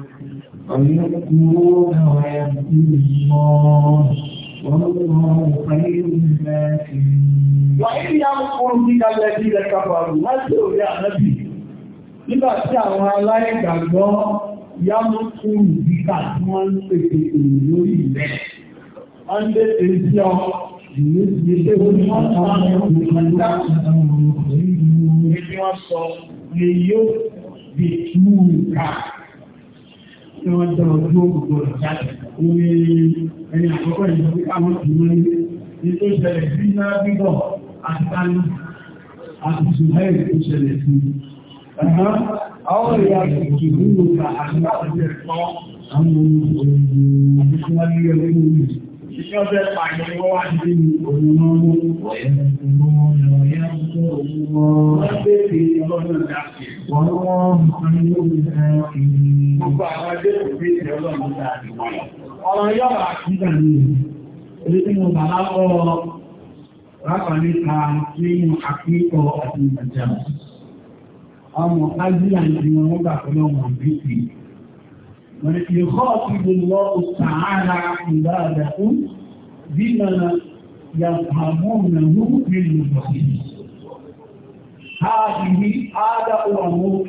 ويذكرون ويذكر الله والله خير الذاكرين وإن يمكر بك الذين كفروا وادعوا يا نبي nígbà tí àwọn aláìgbàgbọ́ yá mú fún ìdíkà tí wọ́n ń pèsè èrò lórí ilẹ̀ wọ́n ń pèsè sí ọ ìlú ti ṣe ó ní wọ́n sọ àwọn ọmọ ìgbà tí wọ́n sọ lè yóò bìtú ká tí wọ́n jẹ́ wọn tó gbogbo rẹ̀ jáde. Omi ẹni àkọ́kọ́ ìjọ pé káwọn ti mọ́ ní ní tó ṣẹlẹ̀ sí náà bíbọ̀ àtàlù àti ṣùgbọ́n tó ṣẹlẹ̀ sí. Àwọn ìyá ìkìkì nínú àgbà àti ẹ̀kọ́ àwọn ohun ìgbìmọ̀ àti ìṣọ́fẹ́ pàyẹ̀ wọ́n wá sí òun ọmọ Ọ̀rọ̀ yọ́bà àkíkà ní ilé tí mo bàbá kọ́ rápà nípa nínú àkíkọ̀ àti ìgbàjá. Ọmọ Ájíríà ìdíwọ̀n wọ́n gbà pẹ̀lú ọmọ bíkì يخاطب الله تعالى عباده بما يفهمونه من المسلمين هذه هذا هو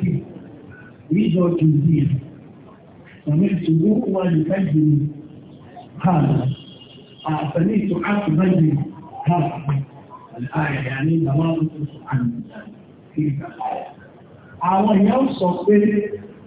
إذا تنزيل ومن سمعته ولبين هذا سمعت أن تبين هذا الآية يعني نواقص عن تلك الآية àwọn èèyàn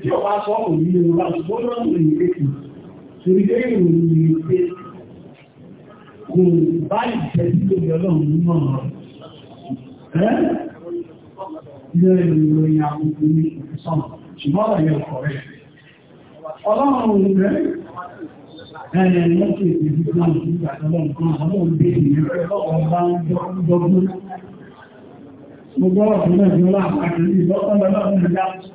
tí ọba sọ kò ní lè wá ṣùgbọ́n náà ní pé kì torí pé ìròyìn ní pé kò bá ìfẹ́ tí tó ọlọ́run nínú ọ̀rọ̀ ilé ìròyìn àkókò ní ìfẹ́sọ́nà ṣùgbọ́n ọ̀rọ̀ yẹn kọ̀ rẹ̀ ọlọ́run rẹ̀ ẹ̀rẹ̀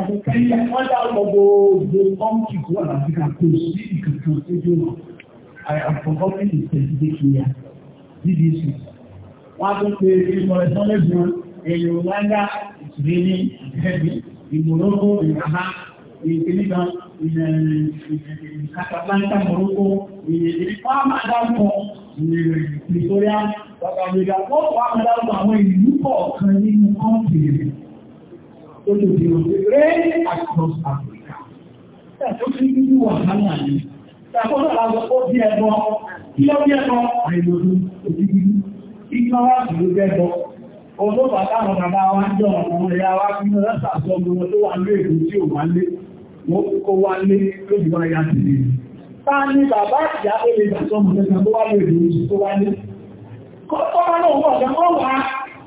Àtẹ̀kẹ́yẹ wọ́n dá gbogbo ọ́nkì tó wà láfíkà kò sí ìkàkàn tó jẹ́ wọn. I am forgotten the specific year. DDC. Wọ́n tún pé ìfọ̀rẹ̀sọ́lẹ́gbọ̀n èyí Rwanda is raining heavy, in Morocco, in Ghana, in Kenya, in uh, uh, Casablanca, Morocco, in uh, Fama Dàpọ̀, in Pretoria, South Africa. Wọ́n wá dárúkọ àwọn ìlú kọ̀ọ̀kan nínú kọ́ńtì rẹ̀ ó lè di across Africa. Ó ti ní wàhálà ni. Ṣàkóso àwọn ó wá ń jọ ọ̀nà ọmọ ìyá wa bí wọ́n sàtọ́ ọmọ tó wà ní èdè tí ò wá lé. Wọ́n kó wá lé lójú ya ti lè. Ta ni bàbá ìyá ó lè gbà sọ́mọ lẹ́sàn tó lè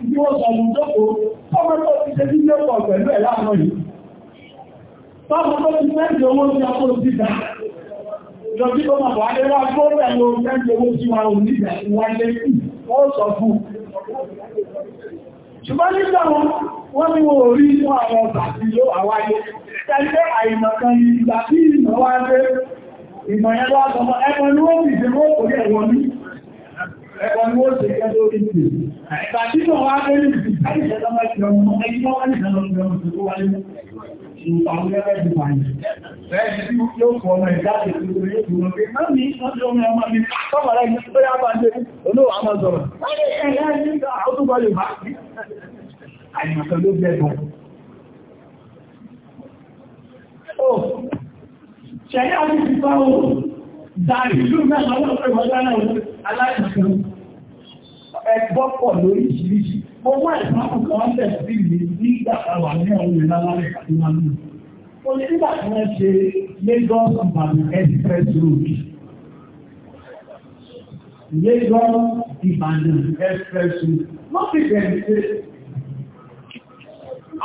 bí wọ́n sọ ọdún jókòó ọmọ tó ti ṣe nílé pọ̀ pẹ̀lú ẹ̀ láàárọ̀ yìí tọ́mọ tó ti mẹ́rin owó sí ọkọ̀ òsìdá ìjọbí tó mọ̀ wáyé wá gbọ́rọ̀ ẹ̀lọ mẹ́rin owó sí wa òsìdá wáyé ó sọ fún ṣùgbọ́n nígbà wọn wọ́n ní wọ́n orí fún àwọn ọ̀sà sí ló àwáyé tẹ́lẹ̀ àìmọ̀kan ìgbà tí ìmọ̀ wá dé ìmọ̀ yẹn lọ́sọmọ ẹgbẹ́ ni wọ́n ti dé mọ́ òkúrẹ́ wọlé ẹ̀kọ́ ni ó ṣe ẹjọ́ ìpè. Àìgbà wá lórí ìpè ti wà ní. Bẹ́ẹ̀ Dàrí ìlú mẹ́ta wọ́n pẹ̀lú ọjọ́ náà aláìsàn. Ẹgbọ́ pọ̀ lóríṣiríṣi. Mo wá ìsáàkùn kan wọ́n tẹ̀sí sí ìlú nígbà àwọn ní àwọn ìlú alárẹ̀ àti wọn lù. Mo ní nígbà tí wọ́n ṣe Lagos Ìbàdàn Express route. Lagos Ìbàdàn Express Road. Wọ́n fi bẹ̀rẹ̀ pé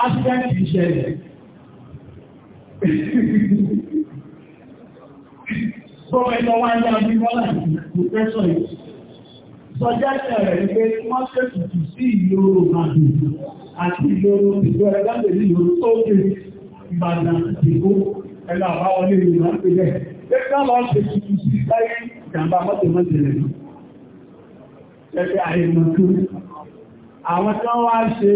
accident ìṣẹ̀lẹ̀. Gómìnà wá ní Abíbọ́lá ìpẹ́sọ̀ yìí. Sọjátẹ̀ rẹ̀ ní pé wọ́n ṣètùtù sí ìloro Màdùn àti ìloro ìjọ ẹgbẹ́ ìloro tó ké Ìbàdàn ìgbó ẹgbẹ́ àbáwọlé ìlú máa ń pè bẹ́ẹ̀. Ẹgbẹ́ lọ ṣètùtù sí láyé ìjàmbá mọ́tòmọ́tẹ̀lẹ̀ náà. Ẹgbẹ́ àìmọ̀ tó àwọn tí wọ́n wá ṣe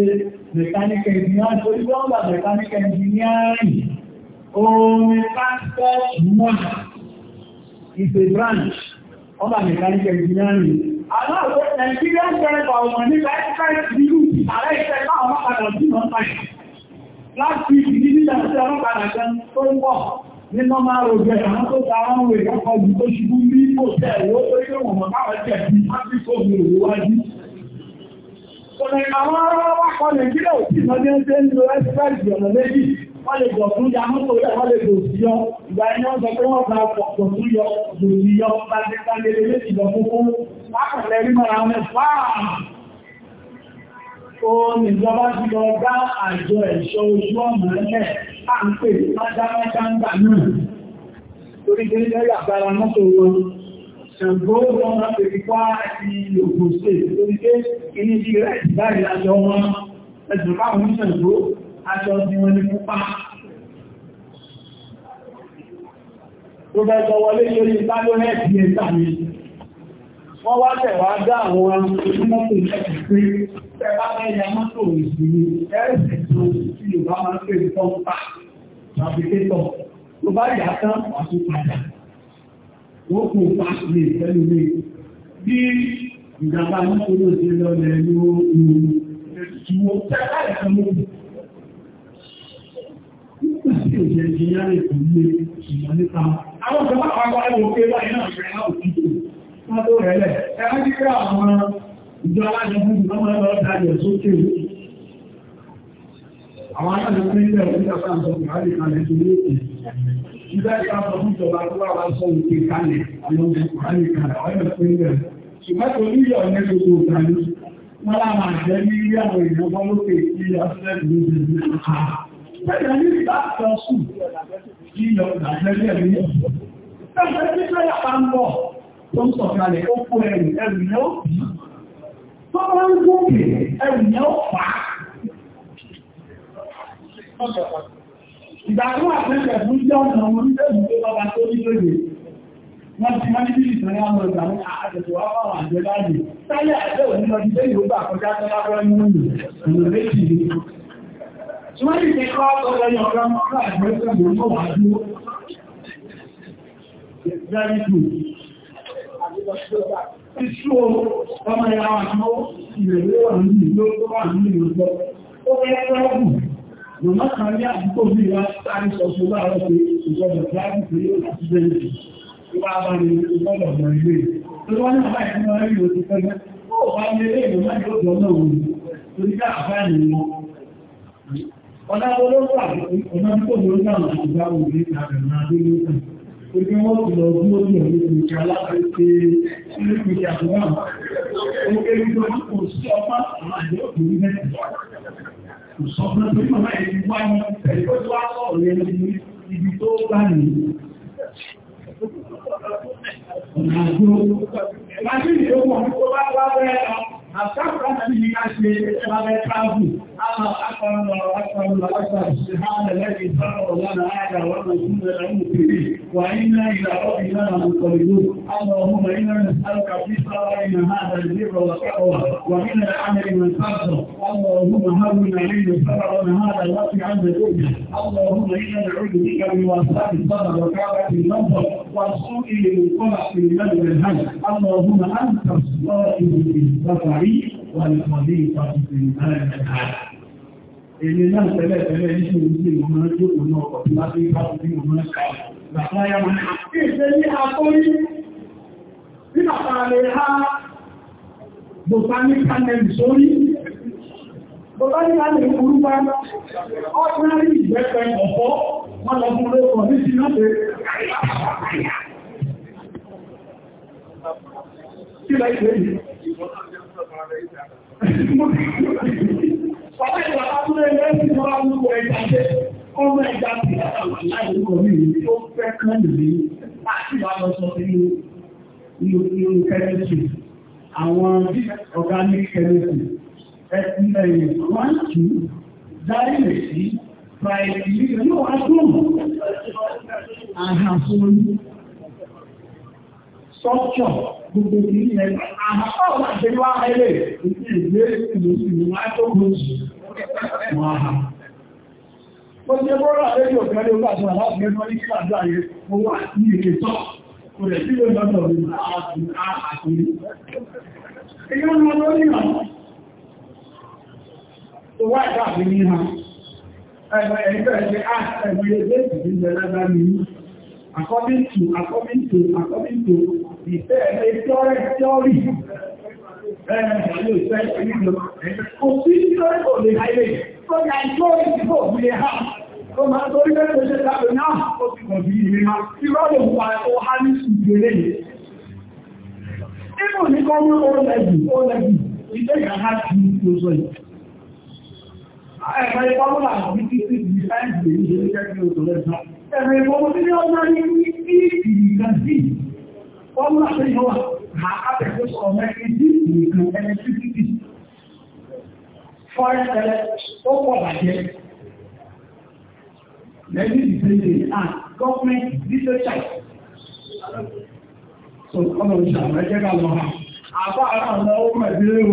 mẹ̀káníkà ìdíyàn tó ní wọ́n gbà ìdíyàn rìn orin pásítọ̀ mọ́nà is a branch of an mechanical engineering. Aláàbò Nigerian Center ọmọ nípa express ìlú ààrẹ ìṣẹ́gbà ọmọkàdà sí mọ́sáì. Last week, ìdí nígbà tí ọmọkàdà kan tó ń bọ̀ ní normal road rẹ̀ àwọn tó ta àwọn òwe lọ́kọ̀ jù tó ṣubú ní òṣèlú owó tó yóò wọ̀n káwọn jẹ̀ bí Áfíríkà òmìnir òwúwájú. Kọ̀nà àwọn ará wákọ̀ Nàìjíríà ò sí ìmọ̀dé ń ṣe ń lo express ìrọ̀lẹ́yìn wọ́n lè jọ fún ya mọ́tò rẹ̀ wọ́n lè jò sí yọ ìgbà ẹni wọ́n sọ pé wọ́n gba ọkọ̀ jò sí yọ jò sí yọ pàtẹ́kàlẹ̀ méjì lọ fún fún lápẹ̀lẹ̀ rí mọ́ra wọn fáà ó nìjọba ti lọ bá àjọ ẹ̀ṣọ́ ojú ọ̀nà ẹ̀ à ń pè májámájáńgbà náà torí gẹ́gẹ́ yàgbára mọ́tò wọn ṣàgbó wọn láti fi wá àti ògùn torí gẹ́ aṣọ tí wọ́n ní pupa. Ó bẹ́ sọ wọlé lórí ìtàlóhẹ́ẹ̀dì ẹ̀ta mi. Wọ́n wá tẹ̀wàá dá àwọn onímọ́tò tó sí Yorùbá máa ń ní pọ́ńpà Ló bá yà tán àtún padà. Wọ́n kò pa tí Àwọn ọ̀pọ̀ ilẹ̀ òkúta sáàtọ̀ ìwádìí kan lẹ́jọ́ ní èkè. Ìgbẹ́ ìpapọ̀ ìjọba tó wà wá sọ òkè kalẹ̀ àwọn ọmọ kan àwọn ẹgbẹ́ ilẹ̀. Ṣùgbọ́n tó níyọ̀ ní gbogbo ìgbàlú, wọ́n láwọn àjẹ́ ní ilé àwọn ìjọba lókè sí Tẹ́lẹ̀ ní ìgbà kan sùn ìyọ̀ Nàìjíríà ní ìyọ̀. Tẹ́lẹ̀ ní ìgbà yàpá ń bọ̀ tó ń wọ́n ti máa ní bí ìsànlẹ̀ àwọn ọ̀gbà àjẹ̀tò àwọn àjẹ́ láàyè. Táyà ẹ̀jẹ̀ òní lọ sí ilé ìwé Ṣùgbọ́n ìpínlẹ̀ ọ̀tọ̀ lẹ́yìn ọ̀gá mọ́kànlá ìgbẹ́sẹ̀ lórí ọ̀wà dúró. Very good. Iṣú ọmọ ìyàwó àmọ́ ìrẹ̀lẹ́ wà ní ìlú tó wà ní ìlú tó. Ó fẹ́ rọ́bù. Màmá kan ní àdúgbò bí wá sáré sọ fún láàárọ̀ pé ìjọba ìgbàgbù pé ó láti bẹ̀rẹ̀ sí. Ìwà bá ní ìjọba ọmọ ilé. Ìjọba náà bá ìfúnná rí òtítọ́ náà. Ó wà ní ilé ìwọ̀n náà yóò jọ náà wò. Torí ká àbáyé wọn ọ̀nà olóògbò àti ọ̀nà tó lórí àwọn àgbà òní àgbà àdéhùn Ojú wọn ti lọ bí ó yẹ̀ ní ìjà aláàrẹ ṣe ní ìpínlẹ̀ àdúrà. Ó kéré tó ní kò sí ọpá àwọn àjọ òní mẹ́ta. Kò sọ fún ẹgbẹ́ mọ́mọ́ ẹ̀ ti wá ní ẹ̀kọ́ tó wá sọ̀rọ̀ yẹn ní ibi tó bá ní. Ọ̀nà àjọ. Màṣíìnì tó mọ̀ tó bá wá bẹ́ẹ̀ lọ. àkápùrá tàbí ní ká ṣe ẹgbẹ́ káàbù àmà akọrọlọ akọrọlọ akọrọlọ ṣùgbọ́n lẹ́gbẹ̀ẹ́ ìbáwọ̀ lọ́nà àádà wọ́n mọ̀ sí ẹ̀rọ òkèrè wà iná ìlàwọ́ ìlànà ìkọlùlù àmà ọmọ iná ìsàlùkà fi sáwà iná àádà ìlérò ọ̀kẹ́wà wà iná àmì من فضل اللهم هون علينا فرعنا هذا الوقت عند الدنيا اللهم انا نعوذ بك من واسعه الصدر وكعبه المنظر والسوء من قرع في المال والهم اللهم انت الصائم بالبطع Èlé náà tẹ́lẹ̀ tẹ́lẹ̀ ní ṣe ìrúsí ìwọ̀n máa jókòó náà ọ̀pọ̀ tí láti bá ti bí ìwọ̀n máa kààrà. Bàbá ya máa ní ìṣẹ́ ní àkórí ní bàbá rẹ̀ ha botanic panel sórí. Botanic panel kúrú bá ọ́dínárì ìgbẹ́fẹ́ ọ̀pọ̀ wọ́n lọ fún olóòkọ̀ ní kí láì pé yìí. Ọ̀pẹ́ ìwà abúlé rẹ̀ ti wá lúwọ ẹja jẹ́, ọmọ ẹja ti àtàwà láì lúwọ mí ní ó fẹ́ kán lè láti wá lọ sọ sí inú chemistry, àwọn organic chemistry, ẹ̀sìnlẹ̀ one two, dáìlẹ̀ sí, priority, yóò wá tó mọ̀, àhàfóní. structure gbogbo ìlú yẹn àmọ́ àgbẹ̀lú àmẹ́lẹ̀ ìdí ìgbé ìlú ìlú microgroves wọn àhà. ó ṣe bọ́rọ̀ àlejò ọ̀gbẹ́lẹ̀ olùgbàṣọ́ aláàbò ẹ̀mọ́ àjọ according to, according to, according to, the said, story, theory, theory. Kò sí ìjọ́rẹ́ kò lè ṣe, tó ní àìjọ́ ìdìbò bí lè ha, tó máa torí mẹ́rin ṣe tàbí náà, ó ti kọ̀ bí ìrìn máa, tí rọ́lù wà ó há ní ìgbèrè. Ibù ní kọ́ mú ó lẹ́bì, ó lẹ́bì, ilé ìgbàhá ti ní tó sọ yìí. Ẹ̀ẹ̀mẹ́ ìpamọ́lá ẹ̀rẹ̀ ìwọ̀n tí ó máa ní ní ìdì nìkan sí wọ́n máa ṣe yọ́wà ha àbẹ̀kọ́ sọ̀rọ̀ mẹ́rin ìdí nìkan and government literature so ọmọ ìṣàmọ́ ẹjẹ́ ká lọ ha àbá ara ọ̀nà ó mẹ̀lẹ́ o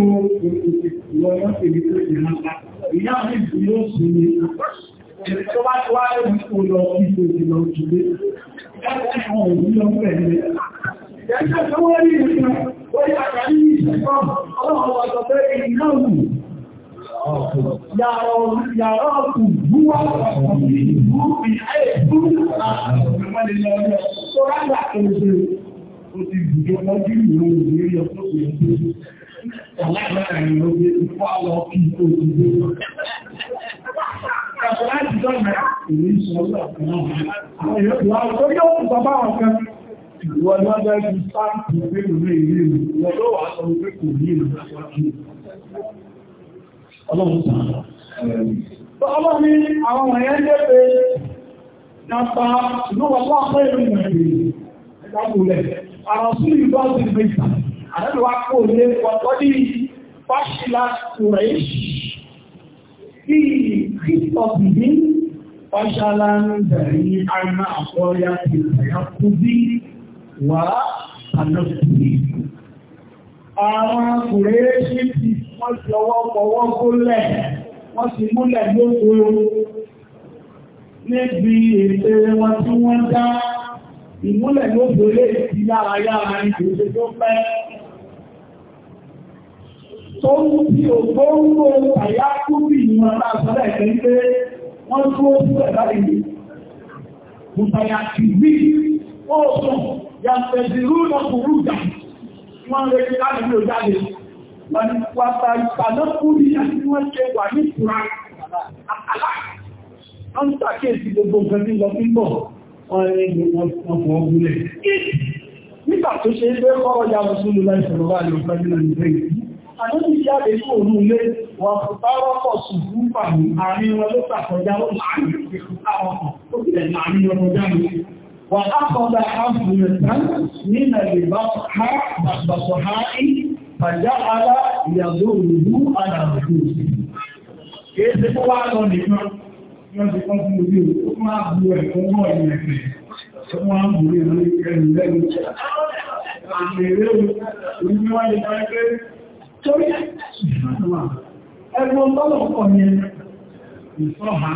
ìwọ̀n ọ̀sẹ̀ ìpínlẹ̀ ìhànká ìyá mi yóò sì ní Èdè tó bá ti wá lórí kò lọ ìlú ìlú ìjìlé. Ẹgbẹ́ ìwọ̀n ìlú ọ̀pẹ̀ ilẹ̀. Ẹgbẹ́ tó wọ́n rí ìrìnà, ó yà kà ní ìṣẹ́kọ́, ọlọ́run wà sọ pé ìnáà wù. Yàrá ọkùn búwá ọkùn ìlú ìhẹ́ ìlú àti ìmọ̀lẹ́lẹ́ ọjọ́. Tó rágbà kèrèsè, ó ti gbùjọ mọ́jú ìlú ìrírí ọkùn ìlú. Ọlọ́run Kàṣọ́ láti dọ́nà ìlú ìṣọ́lọ́ ọ̀kan náà. Àwọn ìyọ́ tó yóò sọ bá ọ̀kan ìwọ̀n ni wọ́n bẹ́ẹ̀ fi sáàpù pé kò ní ìlú ìlú. Wọ́n ló wà sọ pé kò ní ìlú Ọlọ́run sàn. Ọlọ́run ni àwọn ọmọ yẹn jẹ́ pé nàpá ìlú wọn wá pé ìlú ìrìn ìdábùlẹ̀. Àwọn sí ìgbà ti gbé ìtàn. Àdẹ́lùwà kò lè wọ́n tọ́ ní Fáṣílá Kùrẹ́ṣì. في خطته فشلا بعيدا مع قرية التيقظ والتنفذ Àwọn Kùrẹ́ṣì ti wọ́n ti ọwọ́ pọ̀wọ́ gólẹ̀, wọ́n ti múlẹ̀ lóko níbi ètè wọn tí wọ́n dá ìmúlẹ̀ lóko lè ti yára yára ní kìí tó pẹ́ tó ń fi ògbóngbò àyá kúrì ìmọ̀ aláàbọ̀lẹ̀ ẹ̀kẹ́ pé wọ́n tó ó sílẹ̀ láì ní. Mùsàyà ti rí ọ̀sán yàtẹ̀sì rúnà kúrú jà. Wọ́n ń retí láti ní òjáde. Wọ́n ni pàtà ìpàdé kúrì àti wọ́n ṣe wà ní Àdókì jáde ní òun ilé wọn bá rọ́pọ̀ ṣùgbú pàdé àárín wọn ló sàkọjá ó láàrín àwọn ọkọ̀ ó kìlẹ̀ láàrín ọmọ jáde. Wà á kọjá Afghanistan nínà ìbá ha bàbàṣọ ha í bàjá ara ìyàgbó òrùlú àdàrùkú. Kìí ṣe kó wá lọ nìkan, wọ́n ti kọ́ fún ojú ó máa bu ẹ̀kọ́ wọ́n ìrẹ̀kẹ̀ tí wọ́n ń bú ẹ̀rù lẹ́nu. Àmì ìrẹ́rù, orí wọ́n lè máa ń torí ẹgbọ́n tọ́lọ̀ ọkọ̀ yẹn ìsọ́ha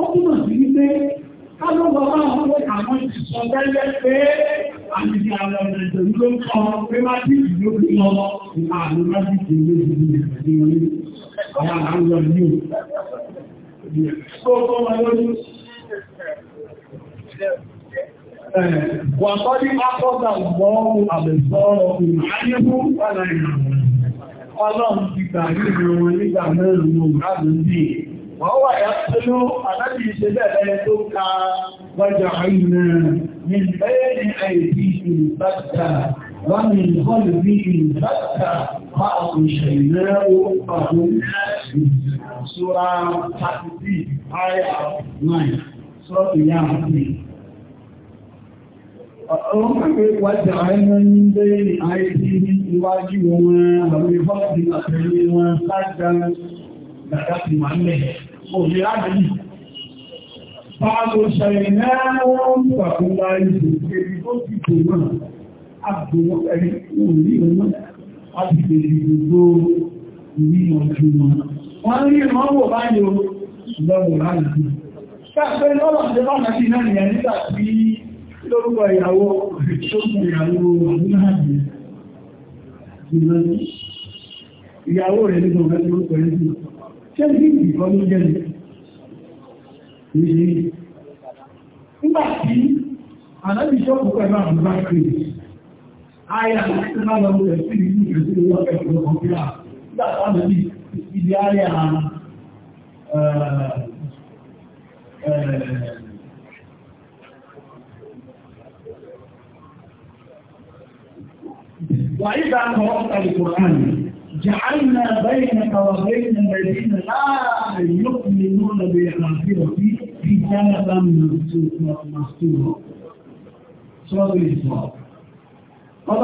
ó kúrò sí wípé kálọ́gbọ́ máa ń pẹ́ àwọn ìsọ̀ tẹ́lẹ̀ pé àmìdí àwọn ìrìnàjò ló ń kọ́ pé má sí ìlú bí lọ ìmọ̀ àmì má sí ìlú bí lọ ní àwọn àwọn ìlú Wàtọ́lí akọ́gbà gbọ́ọ̀rùn àbẹ̀sọ́rọ̀ ìrìnàjò wà láìrìn àwọn ọlọ́run ti gbà nílùú wọn nígbà mẹ́rin ní òmìnàdùn sí wọ́n wà yá pẹ̀lú àdájì ìṣẹ́lẹ̀ ẹni tó ka wájà àìyàn ní bẹ́ẹ̀ni àìsí ìbátà Wájá ẹnu ní bẹ́ẹ̀rẹ̀ àìsí ní iwájú wọn, àwọn ìfọ́sí àtẹ̀lé wọn lájá dàdá ti máa ń lẹ̀. Òṣèré àdìí. Báàbò ṣẹlẹ̀ náà wọ́n ń pàkúnlá ìlú kébí tó ti tò náà, àbúrò ẹni orí wọn láti bèèrè gbogbo ìrí ọjọ́ wọn. Wọ́n rí ìmọ́wò báyìí lọ́wọ́ láàrín. Káàkiri lọ́wọ́ lórúkọ ìyàwó ṣókùn ìyàwó múláàbí ìyàwó rẹ̀ nínú ọ̀rẹ́ lórúkọ ẹ̀sì ṣe ń bí ìkọ́ ló jẹ́ ní nígbà tí ànábì ṣọ́kùn pẹ̀lú àwọn وإذا قرأت القرآن جعلنا بينك وبين الذين لا يؤمنون بالآخرة حجابا مستورا سورة الإسراء قال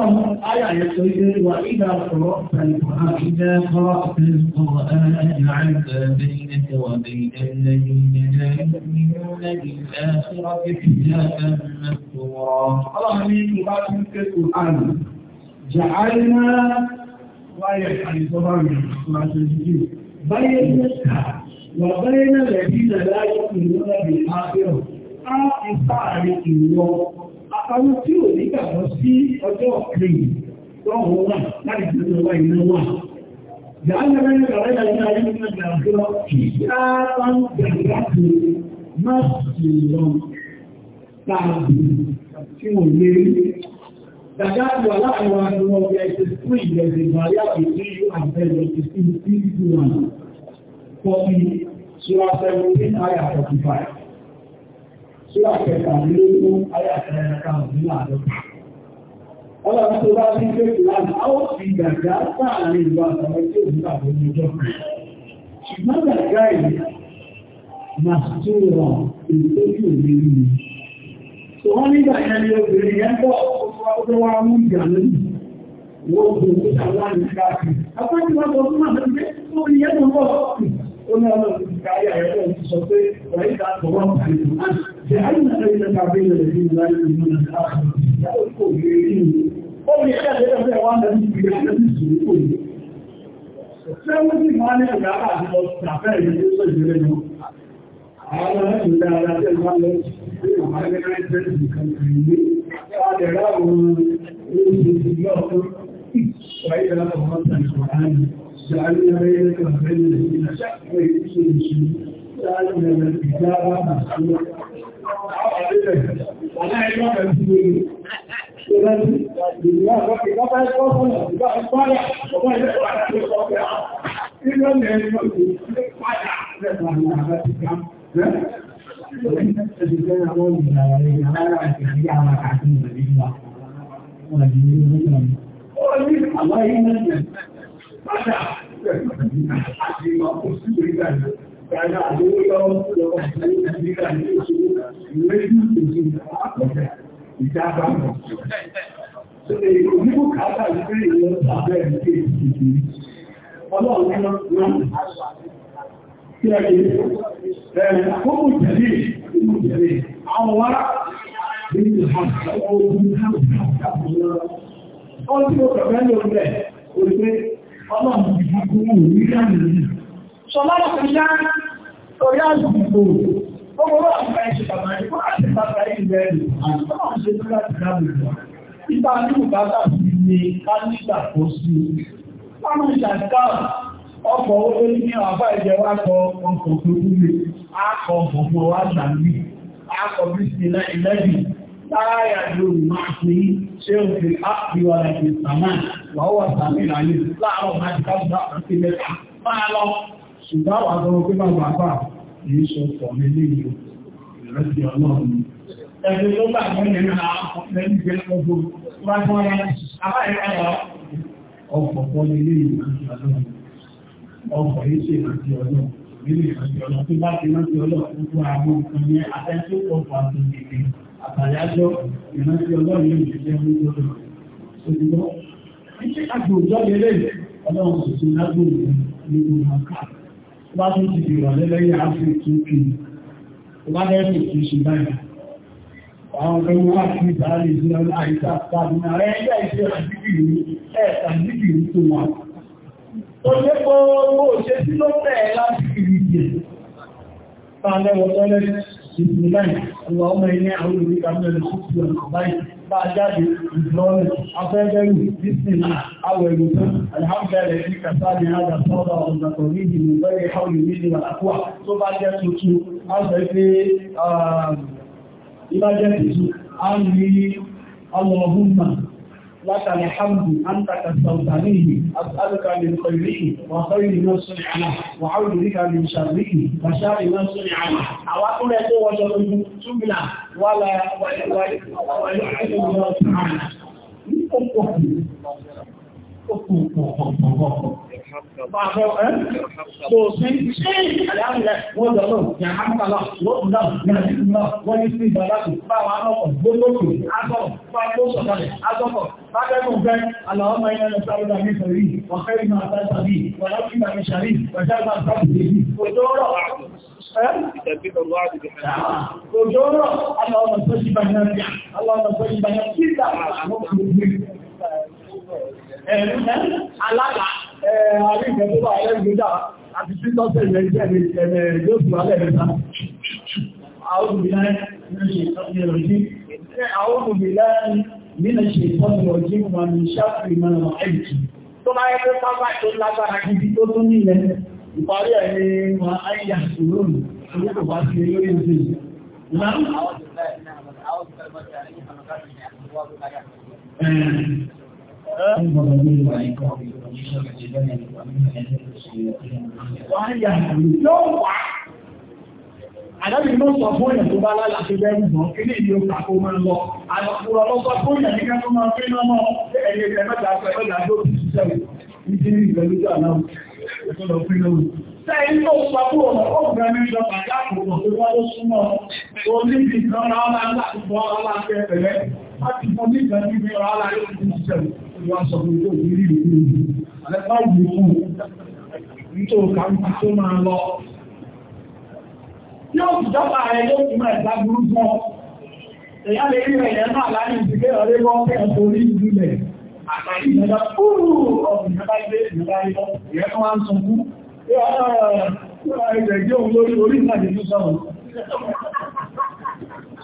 آية يقول آية وإذا قرأت القرآن إذا قرأت القرآن جعلنا بينك وبين الذين لا يؤمنون بالآخرة حجابا مستورا الله يقول القرآن جعلنا وآية عن الضرام بين وبين الذين لا يؤمنون بالآخرة أعطاري الله أقول تيوني كفسي وتوكلي وهو لا يجب أن ينوى جعلنا بين الذين لا يؤمنون بالآخرة كتابا جعلته مسجدا تعبد تيوني that that will allow our know there is a spring, there is a barrier between you and them, which is in physical one. For me, Surah 17, Ayah 45. Surah 17, Ayah 45. Ọlọ́run tó bá ti gbé ìlànà, a ó fi gàgá sáàrin ìlú àtàwọn tí ó nígbà tó ní ọjọ́ kan. Ṣùgbọ́n gàgá ìlú, Màṣúrọ̀, èyí tó kí ò lè rí. Sọ wọ́n nígbà yẹn ni obìnrin yẹn bọ̀ ọdún wa mú ìjà lónìí wọ́n kò ní àwọn ìgbà kì àwọn ìgbà tó tún máa ń gbé tó rí yẹn tó bọ̀ ó ní ọmọ ìgbà ayé ẹ̀rọ ti sọ pé wọ́n ìgbà tó wọ́n kà ní ìgbà tí a yìí nàá ilẹ̀ tàbí ilẹ̀ ní ìlà ìlú ní ìlà kò ní rí ní ó ní ẹ̀rọ ìlẹ̀ fẹ́ wà ní ìgbà ìlẹ̀ ní ìsìn kò ní. Sẹ́wọ́n ti máa ní ìgbà àti lọ tàbẹ́ ìlú tó ìdílé lọ. Àwọn ọmọ ìgbà aláṣẹ máa Ẹ̀rọ àwọn olóòṣèlú náà fún ìsìnkú láti ọmọ ìsìnkú àárín. جعلنا بينك وبين الذين شكوا يكون شيء جعلنا من الكتاب مسؤول Ìjọba ìgbàlẹ̀ ìgbàlẹ̀ Ìjábá mọ̀. Ṣé èyí kí ẹ yìí ẹ̀rìn àkókò tẹ̀lé àkókò tẹ̀lé àwọn wá nínú ọdún ó tí ó kẹ̀kẹ́ ló rẹ̀ orílẹ̀ ọlọ́run ìgbìmọ̀ orílẹ̀ àmìlẹ̀ ṣọlá ọ̀pẹ̀ṣẹ́ orí àgbìmọ̀ gbogbo wà fún ẹ̀ṣẹ̀ kàmàrí fún àti bàbá ilẹ̀ rẹ̀ àti bàbá ṣe tó láti dábòbò ìgbà ní ìbátà sí ní ká nígbà tó sí wọ́n mọ̀ ìṣàkáà ọkọ̀ ó ní àbá ìjẹ wá kọ ọkọ̀ tó gúlé akọ̀ gbogbo wá sàmì akọ̀ bí sí ilẹ́bì táyà lórí máa fi ṣe ń fi ápìwà ẹ̀kì sàmà wàhùwà sàmì ìrànlẹ̀ láàárọ̀ máa ti káàkiri àti mẹ́ta máa lọ ṣùgbọ́n wà tó pé máa bàbá èyí sọ pọ̀ mí ní ìlú ìrẹsì ọlọ́run ẹgbẹ́ tó bá àwọn ènìyàn náà ọkùnrin ìgbẹ́ ọgbọ̀n wájú wọn ọkọ̀ pọ̀ ọkọ̀ ìṣe àti ọ̀nà ìbílẹ̀ àti ọ̀nà tó bá ti rántí ọlọ́run fún àwọn nǹkan ní atẹ́sí ọkọ̀ àti ìdìbò àtàyájọ́ ìrántí ọlọ́run yóò jẹ́ nítorí òṣìṣẹ́. Iṣẹ́ àgbòjọ́ lélẹ̀ ọlọ́run kò sí lágbòrò ní gbogbo àká. Ó bá tún ti dìrọ̀ lẹ́lẹ́yìn àfi tún kì í. Ó bá lẹ́sìn kì í ṣe báyìí. Àwọn ọmọ wa fi ìbáraẹni sí ọlọ́run àìsàn àti àbúrò. Ààrẹ ẹgbẹ́ ìṣẹ́ àdíkì ní ẹ̀ẹ̀ta àdíkì ní Oye ìbájẹ́ tuntun a ń rí ọmọ ọgbùn náà لك الحمد أنت كالسلطانيه أسألك من خيره وخير ما صنع له وأعوذ بك من شره وشر ما صنع له أواكل يقول وجل جملة ولا ويحب الله سبحانه Kò sí ṣé àdáhùnlẹ̀ ọjọ́ ìgbà sábùdé yìí òjò rọ̀ òjò alága àrí ìfẹ́ tó bá ẹlẹ́gbẹ̀dá àti títọ́sẹ̀ ilẹ̀ iṣẹ́ ẹ̀rẹ̀ yóò tún alẹ́ mẹ́ta. Àwọn obìnrin nínú ṣe ìtọ́jú ọjí wọn ni ṣáàpì mọ́nà ẹ̀jì. Tó máa yẹ pé pápá tó lágbára gidi tó tún nílẹ̀ ìparí ẹ̀rí wọn ayà ìrọ̀lù orí kò bá sí lórí ìdí. Ìlànà Àdábì ló sọ fún èèyàn tó bá lálà tó bẹ́ kí ní ìlú kàkó máa lọ. Àlọ́pùrọ̀ lọ́sọ fún èèyàn ní kẹ́kọ́ máa fi náà mọ́ ẹ̀yẹ ẹ̀mẹ́ta pẹ̀lẹ́gbà ti ṣiṣẹ́ ìdírí ìgbẹ̀lú wá sọ fún ìjọ òbí rí ìlú ìlú àlẹ́fà ìlú kù nítorí kàwùkù tó máa lọ. Yóò ti dọ́gba rẹ̀ yóò ti máa ìgbà burú fún ọ. lè rí ẹ̀yẹ náà láàrin ìdílé ọ̀rẹ́ wọ́n fẹ́ ọ̀tọ̀ orí ìlú lẹ̀. Àtàrí ìjọba kúrú ọ̀rùn ìjọba ilé ìjọba ilé ìyẹn tó wá ń sunkún. Ah,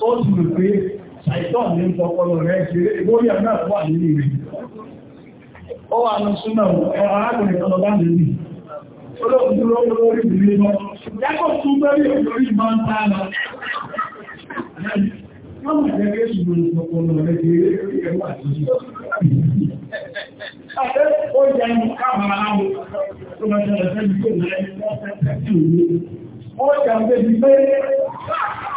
ó ti rò pé àìtọ́ ní ń fọpọlọ rẹ̀ ṣe ìgbórí àmì wà nínú rẹ̀ ó wà ní súnmọ̀ arákùnrin ọlọ́ bá nìí olóòdúró olórí ìdílé mọ́ yàkó tún bẹ́rẹ̀ olórí máa ń tààlà wọ́n mọ̀ jẹ́ kí èṣù lórí fọpọlọ rẹ̀ ṣe ẹwà àtijọ́ Àbẹ́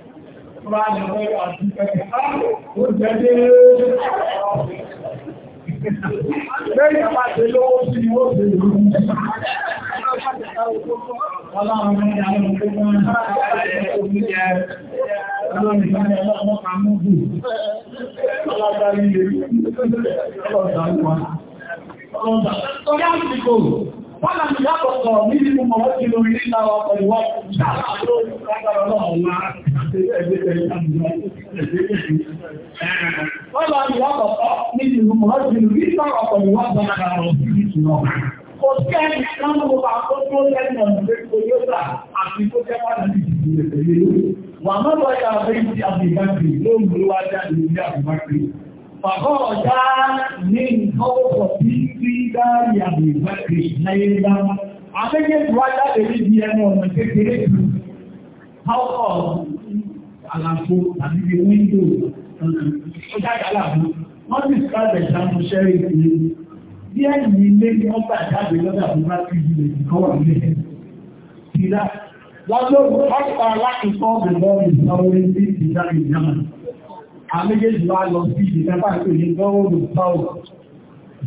máa lè wọ́n àti ẹ̀kẹ́ ó jẹ́ dé lẹ́yìn àpá ṣe lówó sí ni ó ṣe ìlú Ọlọ́run ní àwọn òṣèlú máa ń bá ẹ̀kọ́ ìjẹ́ ọlọ́run ìgbàlẹ̀ ọlọ́run kan mú bù. Ọlọ́run wọ́n láti yàtọ̀ sọ ní nínú mọ̀ wọ́n ti lórí nílá wa pẹ̀lú wọ́n ṣáàlá tó lágbàrá náà wá wọ́n láti yàtọ̀ sọ ní nínú mọ̀ wọ́n ti lórí nílá wa pẹ̀lú wọ́n gbọ́nàgbà lọ sí ìtura kò sí ẹni kan ló bá tó tó lẹ́nu ọ̀nà tó yóò sà àti tó jẹ́ wà láti ìdílé pẹ̀lú wà má lọ yà bẹ́ẹ̀ ti àbíkáfì lóòrùn ló wá jáde ní àbíkáfì Fàkọ́ ọ̀dá ní ìkọ́wọ́pọ̀ sí dáàrí àbò ìgbàkè láyé dáná. Àbẹ́jẹ́ wá jáde níbi ẹnu ọ̀nà kékeré jù. Káwọ́ àlàfo tàbí bí wíńdò ọjà àlàfo. Wọ́n ti ká ẹ̀ṣà mú ṣẹ́rí ìpínlẹ̀. Bí ẹ̀yìn ilé ní ọgbà jáde lọ́dà tó bá ti ju èdè kọ́ wà nílẹ̀. Tìlá wọ́n ló ọ̀pọ̀ aláìsọ́ bẹ̀rẹ̀ ìsọ̀rọ̀ ní ìdájọ́ ìyàmà. Àbẹ́jẹ́ wá lọ sí ìdíkápá ìpínlẹ̀ gọ́ọ̀rù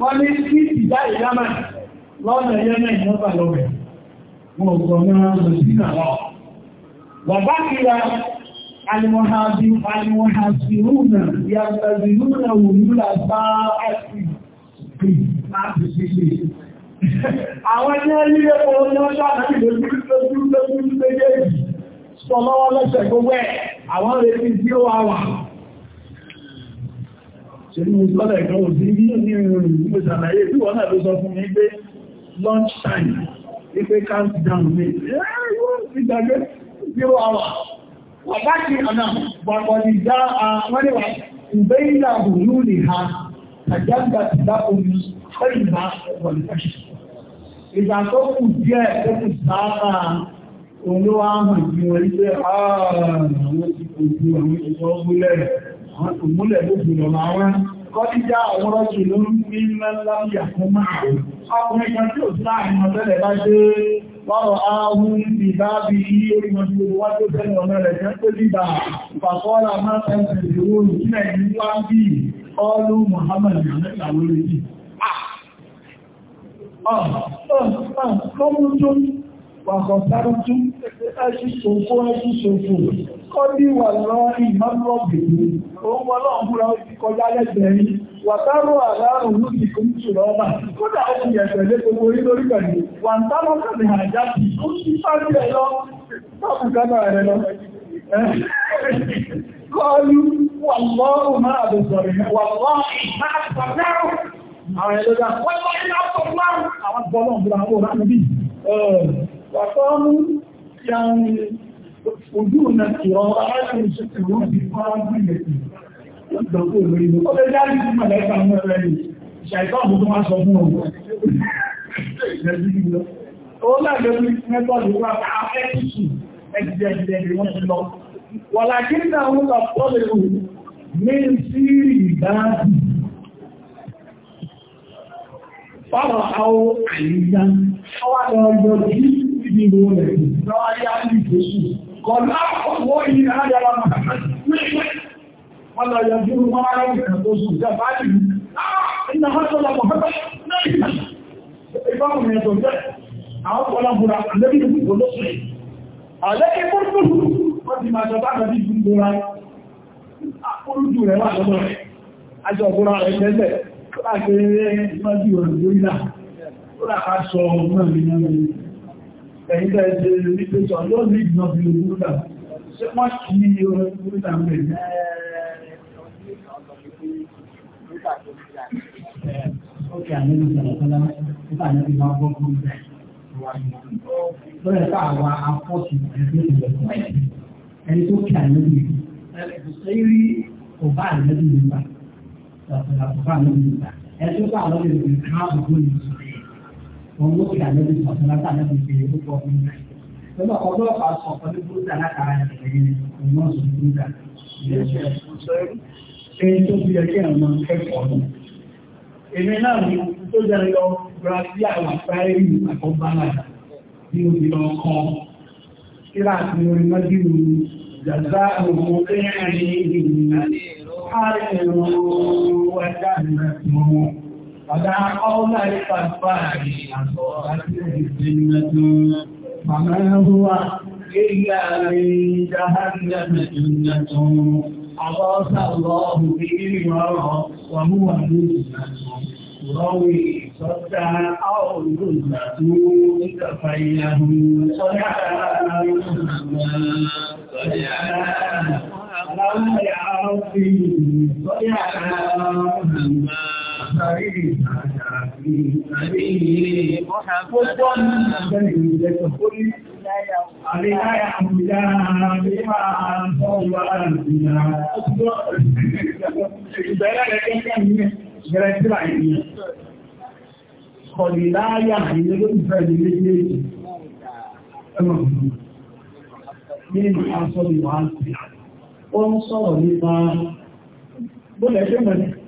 wọ́n ní sí ìdá ìyámà lọ́nà yẹ́mẹ̀ ìjọba lọ́wẹ̀ wọn kọ̀ náà lọ sí náà bàbá kíra alimọ̀hásírúnà yàtàzírúnà òmìnira bá àti láti sílé àwọn ní ẹlílẹ̀ ọmọ ọjọ́ àti ìlú lójú lójú lójú ṣèlú mùsùlọ́dà ìkan òsì ní ní ìrìn ìgbésàlàyé tí wọ́n náà ló sọ fún mi pé lunch time wípé countdown ní ìgbàgbé zero hour wàbáki àná wàkọ̀lì dá àwọn ìwà ìgbé ìlà òun ní ha àjágbà ti bá omi ẹ̀yìn bá wọ̀lì fẹ́ṣẹ̀ ìgbà tó kù díẹ̀ tó kù sáà òun ló wá hàn sí wọn ilé ààrùn àwọn ti kò ìmúlẹ̀ lójú lọ máa wá kọ́díjá àwọn ọjọ́ ló ń ní lọ́lọ́yà fún márùn-ún ọkùnrin kan tí ó sáàrin ọ̀tẹ́lẹ̀ bá ṣe wọ́rọ̀ ahun ti bá bí i orí wọn tí ó wá tó tẹ́lẹ̀ ọ̀nà rẹ̀ jẹ́ pé bíbà ìfàkọ́ọ́lá máa wàkọ̀sáàtú ẹṣìṣòfò ẹṣìṣòfò kọ́dí wà lọ ìmọ́lọ́gbèrè òun ọlọ́run búra ti kọjá lẹ́gbẹ̀ẹ́rin wàtárò àlárùn ló kọlu wà máa bẹ̀ sọ̀rọ̀ wà lọ́rùn máa sọ̀rọ̀ àwọn ẹ̀lọ́dà wọ́n lọ́rùn máa sọ̀rọ̀ àwọn bọ́lọ̀ وقاموا يعني وجوهنا قراءات شكلوا بفاضلة يقول لي قبل ذلك ثم لا يفهم الشيطان بطمع صفوه Ọlá ìjọba mẹ́tọ́lù wà áfẹ́kìsù ẹgbẹ̀gbẹ̀ wọ́n ti lọ. Wà láti ní àwọn ọ̀pọ̀lẹ̀ òun ní sí ìdáàbì. Fọ́rọ̀ àwọn àìyá, ọwá lọ yọjú nínú ah! ah! rẹ̀ náà ayé àìlèkèṣù kọ̀lá ọ̀pọ̀ yìí láyára máa Ọlá ìyàjúrú máa rẹ̀ ìkàtọ̀ sùn jẹ́ bá ní ìnà hásọ́lá Mọ̀fẹ́fẹ́ náà ìbáwọn ìrìnàjò jẹ́ ndị ndị ẹ̀yìn tẹ́ ṣe yóò ní ìgbìmọ̀ bí ṣe wọ́n kí ní orin gúrúdà ń bẹ̀rẹ̀ Ọjọ́ àwọn ìṣẹ̀lẹ̀ nípa ìrìn àwọn ọgbọ́n gúrúdà lọ́rẹ̀ fáwọn afọ́sì ẹgbẹ́ ìjọba ẹni òun ló fi àlejò sọ̀tún látà lẹ́nu fi ó bọ̀ fún mi. Lọ́dọ̀ ọjọ́ ọ̀pá sọ̀tún ní Búrúdà látara ẹ̀yìn òun náà sọ Búrúdà. Ẹni tó fi ẹgbẹ́ ọmọ kẹ́kọ̀ọ́ lọ. Èmi náà ni tó jẹ́ lọ Brazil àwọn àpáẹ́rì àkọ́bálà bí ó ti lọ kọ́. Kíra àti orin mọ́jú jàdá òun ẹ̀yìn ìrìn àárín ìrìn wájà ìrìn àti mọ́wọ́. Fàdá ọ́lá ìpàdé àtọ̀ àti ìsinmi Màmá ẹ̀húwà ilé àrí jahannama jùnnàtọ̀. Àbọ́sà lọ́ọ̀hù bí ìrọ̀rọ̀ wà mú wà ní ìjìnàtọ̀. Rọ́wì sọ́dá áwòrú ìgbàtú ìjọba ìyàhù sọ́dá àárín ìjọba sọ́dá àárín àwọn ìyàhù sọ́dá àárín ìjọba. Gbogbo ọ̀nà ìgbẹ̀rẹ̀ ìjẹ́kọ̀ọ́ orí àríláyà àmìlá àríwá àtọ́wà àrìnà. Ìbẹ̀rẹ̀ ẹ̀kẹ́ ìgbẹ̀rẹ̀ tíra ìrìn. Kọ̀lìláyà ìlú ìfẹ̀lẹ̀ méjèèjì. Ẹmọ̀ nínú àṣọ́ ìwà àti. Ó ń sọ̀rọ̀ nípa bólẹ̀ ṣẹ́mẹ̀rẹ̀.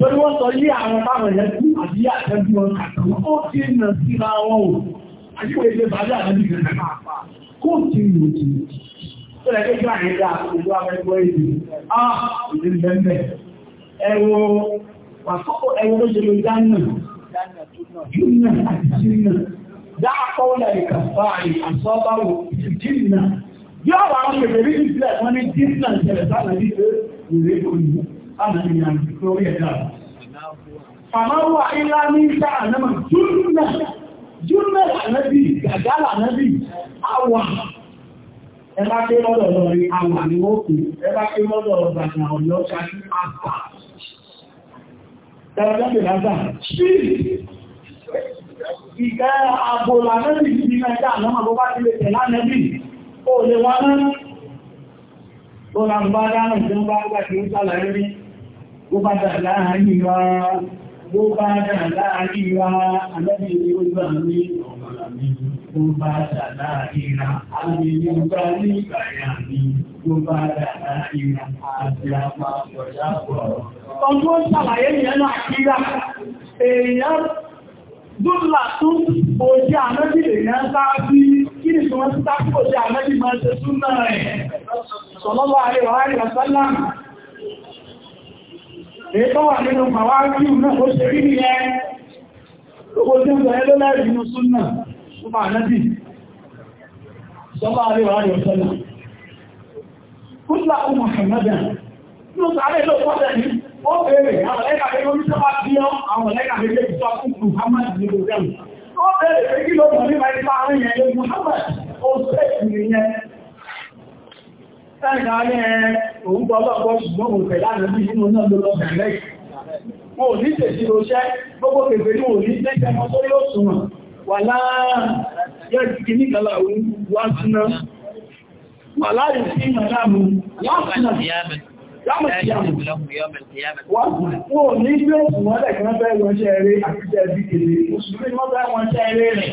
Torí wọ́n sọ yí àwọn táwọn ẹ̀yẹ́ tí àbí àtẹ́bí wọn kàtàkùn, ó ti nà síra wọn ò, àyíkò ilé bàbá àtẹ́bí kan náà pa, kó ti lò jì. Ó lẹ́gbẹ́ gbà ní ìdá ìlú abẹ́gbọ́ èdè, ah, ìdí lẹ́m̀bẹ̀. Ẹwọ, wàkọ́kọ́ ẹwọ ló ṣe lè dáná, júnà àti júnà, dáàkọ́ lẹ́ ìkàfà àìsọ́báwò júnà. Yọ́ àwọn bèbè rí ìpìlẹ̀ wọn ní júnà ìṣẹ̀lẹ̀ sáà Fàmáwà ilá ní ìta ànámà júnà, júnà ànábì, gàgálà ànábì, àwà. Ẹbá ké lọ́dọ̀ lọ rí àwà ní ókù, ẹbá ké lọ́dọ̀ bàtà ọ̀yọ́ ṣáṣí àpà. Tẹ́lẹ́gbẹ̀ lágbà, sí ìgbẹ́ àbòlà ànábì ní ìta ànámà bó bá ti lè tẹ̀lá ànábì, ó lè wá náà. Ó bó bá dà láàárín wa bó bá dà láàárín wa alẹ́bí ni ó gbà ní ọ̀gbọ̀nà mi bó bá dà láàárín ra alẹ́bí ni ó gbà ní ìgbàyà mi bó bá dà láàárín ra àti àpapọ̀ yàpọ̀. ọdún ó ṣàlàyé yẹn náà kíra èèyàn dúdúlà tún òjì àmẹ́bì wọ́n ti tákù òjì àmẹ́bì máa ṣe súnmọ́ rẹ̀ sọ̀lọ́lọ́ àríwá àríwá sálámù Ètò wà nínú Màwáríù náà ó ṣe rí nìyẹn. Gbogbo tí ń sọ̀rẹ́ ló lẹ́rìí nínú Súnnà, ó máa nábì. Sọ́bà àríwá rẹ̀ sọ́nà. Kúlà ọmọ Ṣàmọ́dà, ní ó sàárẹ̀ ló pọ́tẹ̀ ní, ó bèèrè àwọn ẹ̀kàrẹ́ orí tó bá bí ọ́, àwọn ẹ̀kàrẹ́ lè sọ fún Muhammad ní Ó bèèrè pé kí ló mọ̀ nípa ìpa àárín ẹ̀yẹ Muhammad, ó sẹ́ẹ̀kì nìyẹn. Táìdá ayẹ́ òun gbọ́gbọ́ ṣùgbọ́n òun pẹ̀lá rẹ̀ bí nínú náà lọ́lọ́ bẹ̀rẹ̀. Mo ò ní tèsí oṣẹ́, gbogbo kèfèé ní òun ní tẹ́jẹ́ mọ́ sórí òṣùwọ̀n wà láàá yẹ́ ìdíkì ní kàlà òun wá síná. Wà láàrín sí ìrìnàmù láàrín Wọ́n ní bí ó fún wọ́n lẹ̀kẹ́ mẹ́fẹ́ wọn ṣẹ́ eré àti jẹ́ bí kèrè, òṣùgbé mọ́fẹ́ wọn ṣẹ́ eré rẹ̀.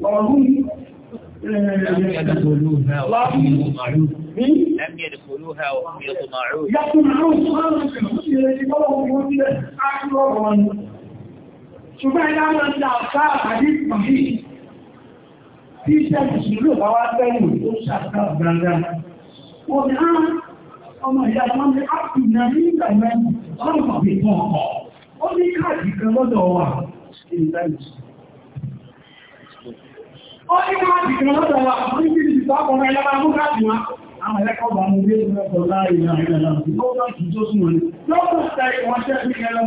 وهم لم يدخلوها وهم يطمعون يطمعون يطمعون ṣùgbọ́n ilá lọ sí àkáà àdíkù yìí tí ìṣẹ́bù sílò bá wá tẹ́lù tó ṣàkà gbàgbà wọ́n ni á ọmọ ìyá wọn ni á kù náà ní ìgbàmẹ́ ọmọ ìpọ̀ ọkọ̀ ó ní káàdì kan lọ́dọ̀ wà sí ìlànà ó ní wọ́n ti kìí lọ́tọ̀ wà ní bí i sọ́kùnrin ẹ̀yà máa mú káàkì wá àwọn ẹlẹ́kọ̀ọ́ bá mú bí i lọ́tọ̀ láàrin láàrin láàrin tí ó bá kìí tó sún wọn lọ́pọ̀ ṣe wọ́n ṣẹ́ sí ẹlọ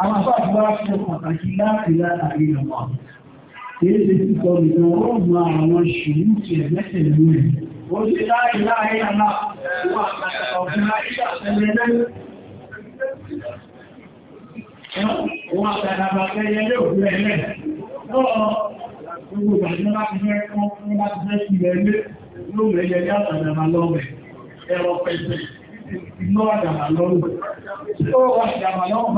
Àwọn àpapọ̀ aṣọ pàtàkì láti látàrí ọmọ. Èé ṣe ti sọ ìdán ó mú àwọn ṣùgbọ́n Òun àtàdàbà fẹ́yẹ lé òwúrẹ́ ilẹ̀. Lọ́wọ́ gbogbo ìgbà ní láti fẹ́ kán fún láti fẹ́ sí ilẹ̀ ilé lóòrùn ẹyẹ ní àtàdàbà lọ́wẹ̀. Ẹ̀rọ pẹ̀sẹ̀ iná àdàbà lọ́wẹ̀. Ó wà àdàbà lọ́wọ́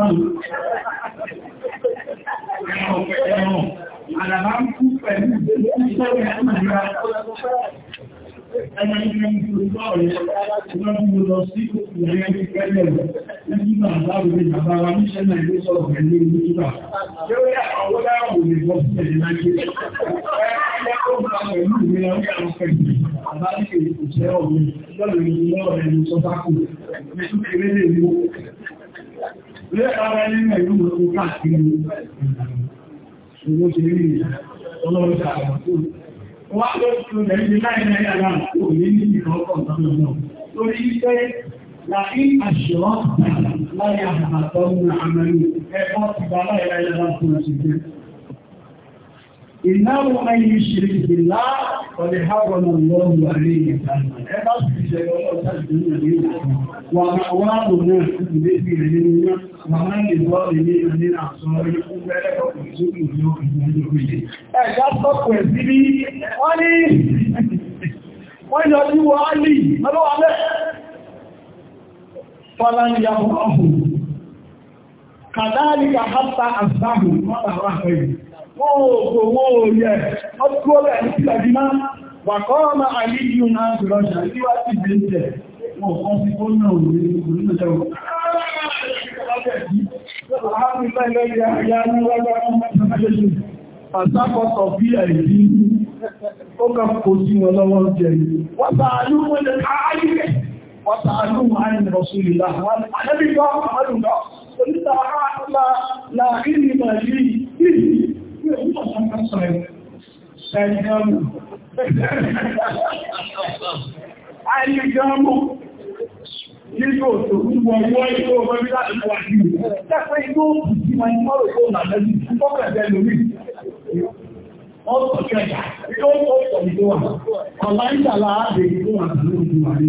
Àdàbà ń kú pẹ̀lú ìgbésẹ̀ ẹgbẹ́ ìgbẹ́ ìgbẹ́ Ilé ara ẹni ẹ̀lú òkú káàkiri ìwọ̀n ṣe rí ọlọ́rọ̀ ìjà àwọn tó wọ́n ló ṣù lẹ́yìn láì náírà náà kò ní ní ìrọ́kọ̀ náà lórí iṣẹ́ láì àṣọ́ láì àbàtọ́ ní àmàlú ẹ̀kọ́ ti bá láì láì láì láì ìnáwó ayé ṣìrìkì lá ọ̀lẹ̀ hábọ̀nà lọ́rùn àárín ìgbàlá ẹbá sì ṣe ọlọ́ta ìdúnnà ní ìwọ̀n wà máa wá lò náà títí lébi rẹ̀ nínú iná wà máa lè bọ́ ilé ìrìnlẹ́ àṣọ orí fún bẹ́rẹ̀ ọkùnrin tó kù ní ọkùnrin lọ́wọ́ alẹ́ kàdáàlì àhátà àṣàhùn mọ́ta rà Àsápọ̀tọ̀ bí ẹ̀dí ó kà kò sí wọn lọ́wọ́ jẹ. Wọ́n tààlú wọ́n lè káàrí rẹ̀. Wọ́n tààlú àìyàn rọ̀súlìlá. Wọ́n àdẹ́bí gbọ́ àwọn olùdó. Oníta ara láàrín ìmọ̀ yìí Ẹ̀jọ́mù. Àìjọ́mù. Nígbò tó wọ́n wọ́n ikú ọmọ bí láti wà ní ìwọ̀n. Tẹ́fẹ́ igbó òkùnkú ma ní mọ́rò tó nà lẹ́bí fọ́kẹ̀ẹ́ lórí. Ọ́pọ̀ kẹta, ikú ọ̀pọ̀ ìgbówà. Ọ̀lá ìjàlá ààbè ìgbówà lórí ìwà ní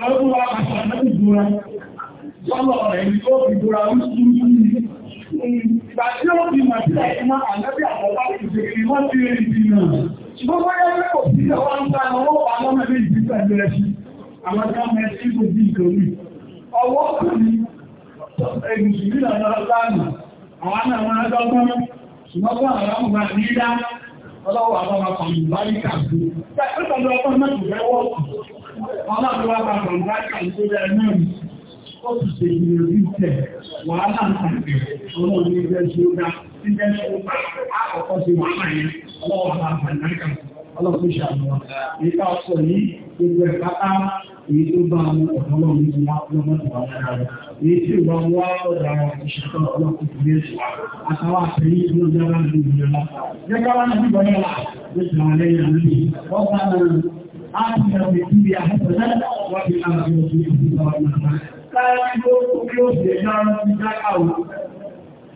lọ́dún wa máa ṣàmẹ́lì dúra lọ́lọ́ rẹ̀ ní ó fi dúra ó sí ìgbà tí ó fi mọ̀ sílẹ̀ ìmọ̀ àlẹ́bí àkọ́kọ́ ìṣèkiri wọ́n ti rí ibi náà ṣùgbọ́n wọ́n yẹ́ pé kò sí ìjọba ń ta àwọn ọ̀pá lọ́nà ní ìdí pẹ̀lú ẹṣin àwọn tí wọ́n mẹ́ sí gbogbo ìgbòmí ọwọ́ kò ní ẹgbùsùn nílànà lánàá àwọn náà wọn adọ́gbọ́n ṣùgbọ́n fún àwọn ọmọ máa ní dá ọlọ́wọ́ àwọn ọmọ kan ìbáyé kàgbé Ọlọ́pàá bá kọ̀ǹdáṣà ń tó rẹ̀ náà ó ti ṣe ìrìnrí tẹ̀ wàhálà ń tàbí ọlọ́run ní ẹgbẹ́ tí ó dá sí jẹ́ ṣe ó bá àkọ́kọ́ sí wàhálà yẹn ọlọ́wọ́ bá kọ̀ǹdáṣà ọlọ́pàá ṣàlọ́. Ìta ọ̀sọ̀ yìí gbogbo ẹ̀ pátá èyí tó bá mú ọ̀pọ̀lọ́run ní wá lọ́mọ́tò wá lára rẹ̀. Èyí tí ìwà wá ọ̀dà ìṣẹ̀tọ́ ọlọ́kùnrin àtàwọn àtẹ̀yìn tí ó jẹ́ láti ìgbìyànjú. Jẹ́ ká wá ní ìgbìyànjú آتنا في الدنيا حسنة وفي الآخرة حسنة Láàárín tó kí ó ṣe dára ti dára ò,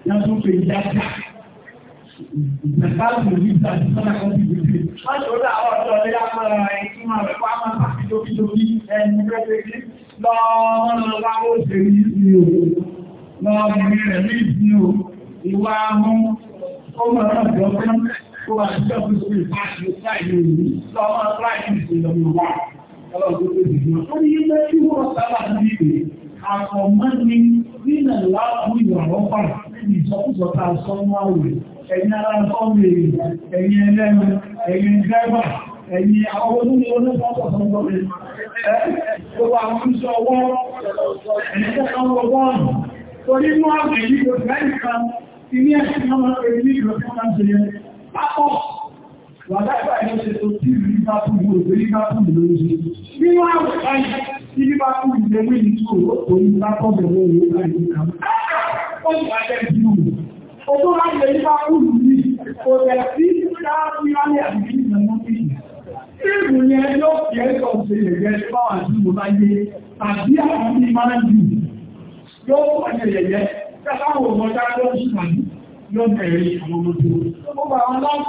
yàtọ̀ pé ìdájá. Ìjàkáàtò ní ìdájí sọ́nà kan ti gbèsè. Wọ́n tó dá àwọn ọ̀dọ́ lé àmọ́ra rẹ̀ kí máa rẹ̀ pa máa pàtí lókí lókí ẹni rẹ̀ pé lọ́ọ́rọ̀ láwọ́ ṣe rí sí o. Lọ́ọ̀rọ̀ rẹ̀ rí sí o. Ìwà ahun, ó mọ̀ kó máa ṣiṣẹ́ fún sórí ìpáṣẹ láìní ìlú lọ́wọ́ láìní ìṣẹ̀lẹ̀ wà ọlọ́run tó ti dùn. ó ní ilé tí wọ́n sábà ń bí pé àkọ́mọ́ni nínú ìlàkùn ìwà rọ́pà níbi ìsọkúsọ tá a sọ wá òwe ẹ̀yin ara ń kọ́ mèrè ẹ̀yin ẹlẹ́nu ẹ̀yin dẹ́gbà ẹ̀yin àwọn oníṣẹ́ oníṣẹ́ ọ̀sán Gbogbo àwọn ìṣọ́ ọwọ́ ẹ̀yẹ́kọ́ kan wọ́n torí mú àwọn èyí kò fẹ́ ìkan ilé ẹ̀ṣẹ́ máa ń pè ní ìrọ̀kọ́ máa ń ṣe yẹn pápọ̀ wàdáìbà ẹni ṣe tó tí rí bá kú ní òṣè rí bá kú lórí nínú àwọn ẹni tí rí bá kú ilé wí ní tó òkò ní bá kọ́ bẹ̀rẹ̀ òun láì ní kàmú. ó sì wájẹ́ bí ó Ogbó láti lè ní bá kú lù ní kò tẹ̀ sí káàkiri alẹ́ àbíkí ìrìnàmọ́ sí. Ìrù yẹn yóò fi ẹ̀kọ́ ṣe lè jẹ́ báwà sí mo bá yé àbí àwọn ní máa ń jù yóò pọ̀ ní ẹ̀yẹ. Kẹ́kọ̀ọ́ òmọdá ló ń ṣàlù yóò bẹ̀rẹ̀ àwọn ọmọdé. Ó bá wọn àbẹ́ ẹ̀yìn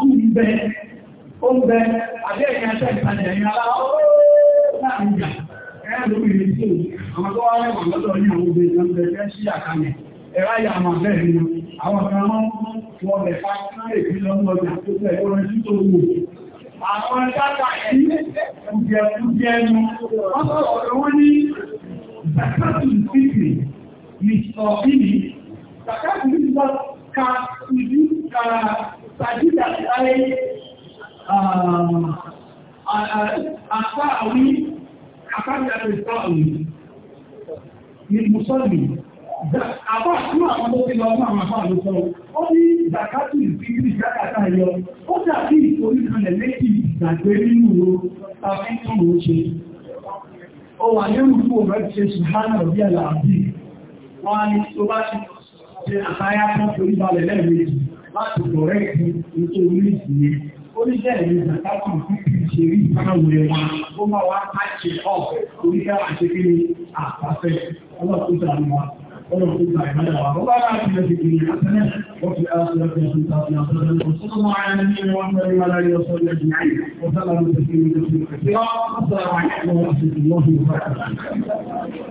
àwọn tó wá rẹ̀wọ̀n lọ́dọ̀ ní náà bẹ̀rẹ̀ sí ọjà tó bẹ̀ ó rẹ̀ sí tó Àwọn dáta yìí kùjẹ kùjẹ ẹnu. Wọ́n sọ̀rọ̀ ka uju ka sajida tsaye um, a sa'awi a kan da ke sa'awi àbá àtúnmà àwọn tó ti lọ ọmọ àwọn àbá ló sọ ó ní zakatu ìfìdí ìjákàtà yọ ó dàbí méjì nínú ro tàbí ṣe ó wà nínú fún ṣe ṣùgbọ́n àlàáfíì wọ́n á ní tó bá ṣe àtàyà tó torí balẹ̀ lẹ́ẹ̀mejì láti kọ̀rẹ́ ìpín nítorí oríṣìí yẹn. Ó ní bẹ́ẹ̀ ni Zakatun fífi ṣe rí ìfáwọ̀ ẹ̀wà ó máa wá káàkì ọ̀ orí káwà ṣe kí ni àpàfẹ́ ọlọ́kùnjà ni wa. ونقول عبادة وعبادة في ذكر حسنة وفي